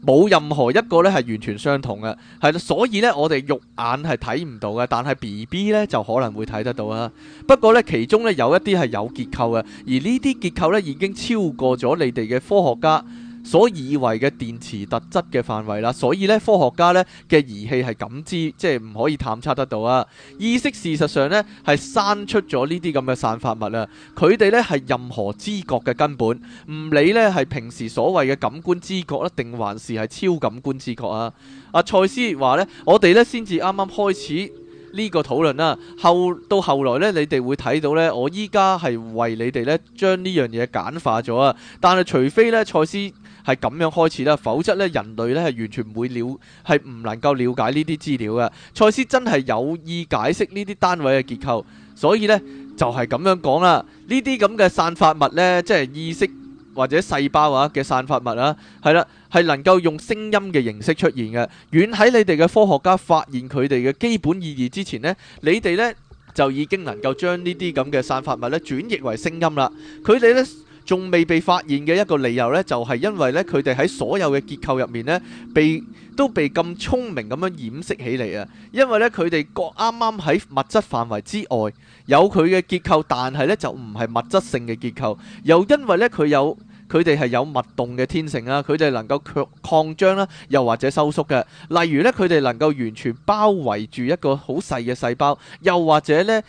B: 冇任何一個咧係完全相同嘅。係啦，所以咧我哋肉眼係睇唔到嘅，但係 B B 咧就可能會睇得到啊。不過咧其中咧有一啲係有結構嘅，而呢啲結構咧已經超過咗你哋嘅科學家。所以為嘅電磁特質嘅範圍啦，所以呢科學家呢嘅儀器係感知即係唔可以探測得到啊！意識事實上呢係生出咗呢啲咁嘅散發物啊，佢哋呢係任何知覺嘅根本，唔理呢係平時所謂嘅感官知覺啦，定還是係超感官知覺啊！阿賽斯話呢，我哋呢先至啱啱開始。呢個討論啦，後到後來呢，你哋會睇到呢。我依家係為你哋呢將呢樣嘢簡化咗啊！但係除非呢賽斯係咁樣開始啦，否則呢人類呢係完全唔會了係唔能夠了解呢啲資料嘅。賽斯真係有意解釋呢啲單位嘅結構，所以呢就係咁樣講啦。呢啲咁嘅散發物呢，即係意識。或者細胞啊嘅散發物啦，係啦，係能夠用聲音嘅形式出現嘅。遠喺你哋嘅科學家發現佢哋嘅基本意義之前呢，你哋呢就已經能夠將呢啲咁嘅散發物呢轉譯為聲音啦。佢哋呢仲未被發現嘅一個理由呢，就係因為呢佢哋喺所有嘅結構入面呢被都被咁聰明咁樣掩飾起嚟啊。因為呢佢哋剛啱啱喺物質範圍之外有佢嘅結構，但係呢就唔係物質性嘅結構。又因為呢佢有。佢哋係有脈動嘅天性啊，佢哋能夠擴擴張啦，又或者收縮嘅。例如咧，佢哋能夠完全包圍住一個好細嘅細胞，又或者咧，誒、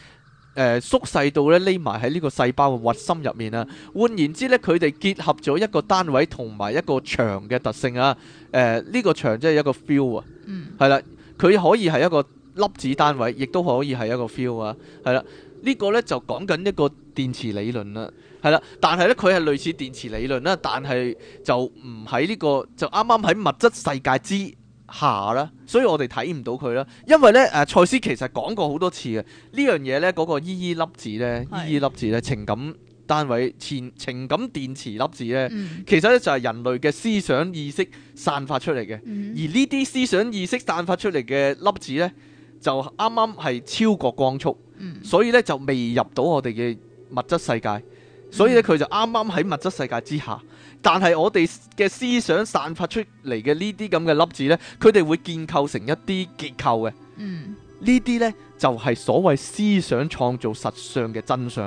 B: 呃、縮細到咧匿埋喺呢個細胞嘅核心入面啊。換言之咧，佢哋結合咗一個單位同埋一個長嘅特性啊。誒、呃、呢、這個長即係一個 feel 啊、嗯，係啦，佢可以係一個粒子單位，亦都可以係一個 feel 啊。係、這、啦、個，呢個咧就講緊一個電磁理論啦。係啦，但係咧，佢係類似電磁理論啦，但係就唔喺呢個就啱啱喺物質世界之下啦，所以我哋睇唔到佢啦。因為咧，誒、呃，賽斯其實講過好多次嘅呢樣嘢咧，嗰、那個依依粒子咧，依依粒子咧，情是感單位、情情感電磁粒子咧，嗯、其實咧就係、是、人類嘅思想意識散發出嚟嘅，嗯、而呢啲思想意識散發出嚟嘅粒子咧，就啱啱係超過光速，嗯、所以咧就未入到我哋嘅物質世界。所以咧，佢就啱啱喺物質世界之下，但係我哋嘅思想散發出嚟嘅呢啲咁嘅粒子呢，佢哋會建構成一啲結構嘅。嗯，呢啲呢，就係、是、所謂思想創造實相嘅真相。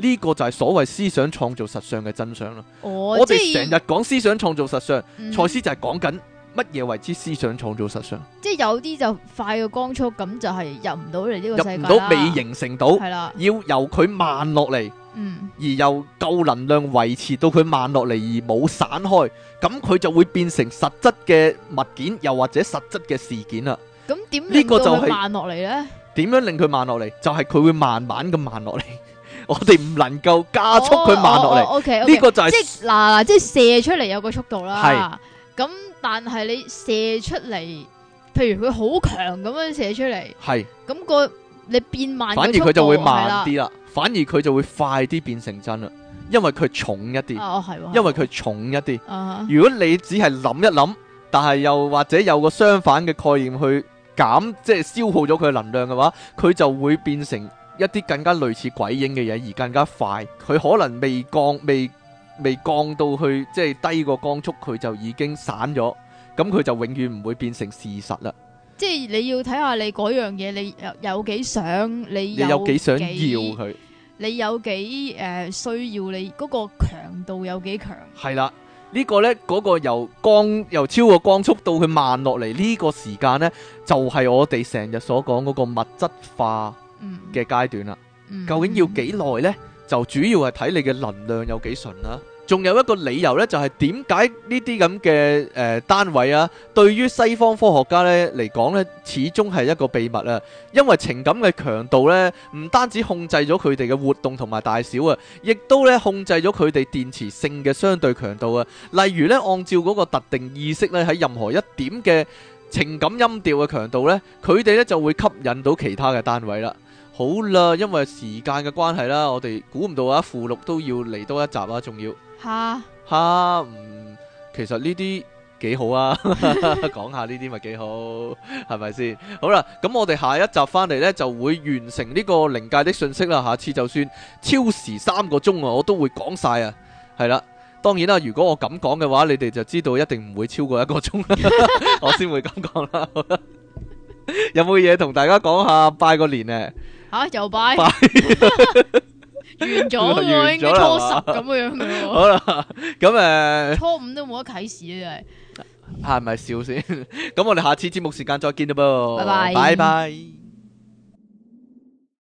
B: 呢、呢個就係所謂思想創造實相嘅真相啦。哦、
A: 我哋成日
B: 講思想創造實相，賽斯、哦嗯、就係講緊乜嘢為之思想創造實相？
A: 即係有啲就快嘅光速咁，就係入唔到嚟呢個世界，入唔到未
B: 形成到，係啦，要由佢慢落嚟。嗯，而又夠能量維持到佢慢落嚟而冇散開，咁佢就會變成實質嘅物件，又或者實質嘅事件啦。
A: 咁點呢個就係慢落嚟咧？
B: 點樣令佢慢落嚟？就係、是、佢會慢慢咁慢落嚟。我哋唔能夠加速佢慢落嚟。呢、oh, oh, oh, okay, okay, 個就係、是 okay, 即係
A: 嗱嗱，即係射出嚟有個速度啦。係咁是，但係你射出嚟，譬如佢好強咁樣射出嚟，係咁是、那個。你變慢，反而佢就會慢啲啦。係。
B: 反而佢就會快啲變成真啦，因為佢重一啲。啊哦、因為佢重一啲。啊、哈。如果你只係諗一諗，但係又或者有個相反嘅概念去減，即係消耗咗佢能量嘅話，佢就會變成一啲更加類似鬼影嘅嘢，而更加快。佢可能未降，未未降到去，即係低過光速，佢就已經散咗。咁佢就永遠唔會變成事實啦。
A: 即係你要睇下你嗰樣嘢，你有有幾想，你有幾想要佢，你有幾誒需要，你嗰個強度有幾強？
B: 係啦，呢個咧，嗰個由光由超過光速到佢慢落嚟，呢個時間咧，就係我哋成日所講嗰個物質化嘅階段啦。究竟要幾耐咧？就主要係睇你嘅能量有幾純啦。仲有一個理由呢，就係點解呢啲咁嘅誒單位啊，對於西方科學家呢嚟講呢，始終係一個秘密啊！因為情感嘅強度呢，唔單止控制咗佢哋嘅活動同埋大小啊，亦都呢控制咗佢哋電磁性嘅相對強度啊。例如呢，按照嗰個特定意識呢，喺任何一點嘅情感音調嘅強度呢，佢哋呢就會吸引到其他嘅單位啦。好啦，因為時間嘅關係啦，我哋估唔到啊，附錄都要嚟多一集啊，仲要。吓吓哈、啊，嗯，其實呢啲幾好啊，講 (laughs) (laughs) 下呢啲咪幾好，係咪先？好啦，咁、嗯、我哋下一集翻嚟呢，就會完成呢個靈界的信息啦。下次就算超時三個鐘啊，我都會講晒啊。係啦，當然啦，如果我咁講嘅話，你哋就知道一定唔會超過一個鐘、啊， (laughs) (laughs) 我先會咁講啦。啦 (laughs) 有冇嘢同大家講下拜個年啊？
A: 吓，又拜拜。 (laughs) (laughs) 咗咯， (laughs) 應該初十咁樣嘅喎。 (laughs) 好啦，咁、嗯、誒， (laughs) 初五都冇得啟示啊，真係。
B: 係咪笑先？
A: 咁 (laughs) 我哋下次節目時間再見啦噃。拜拜 bye。拜拜。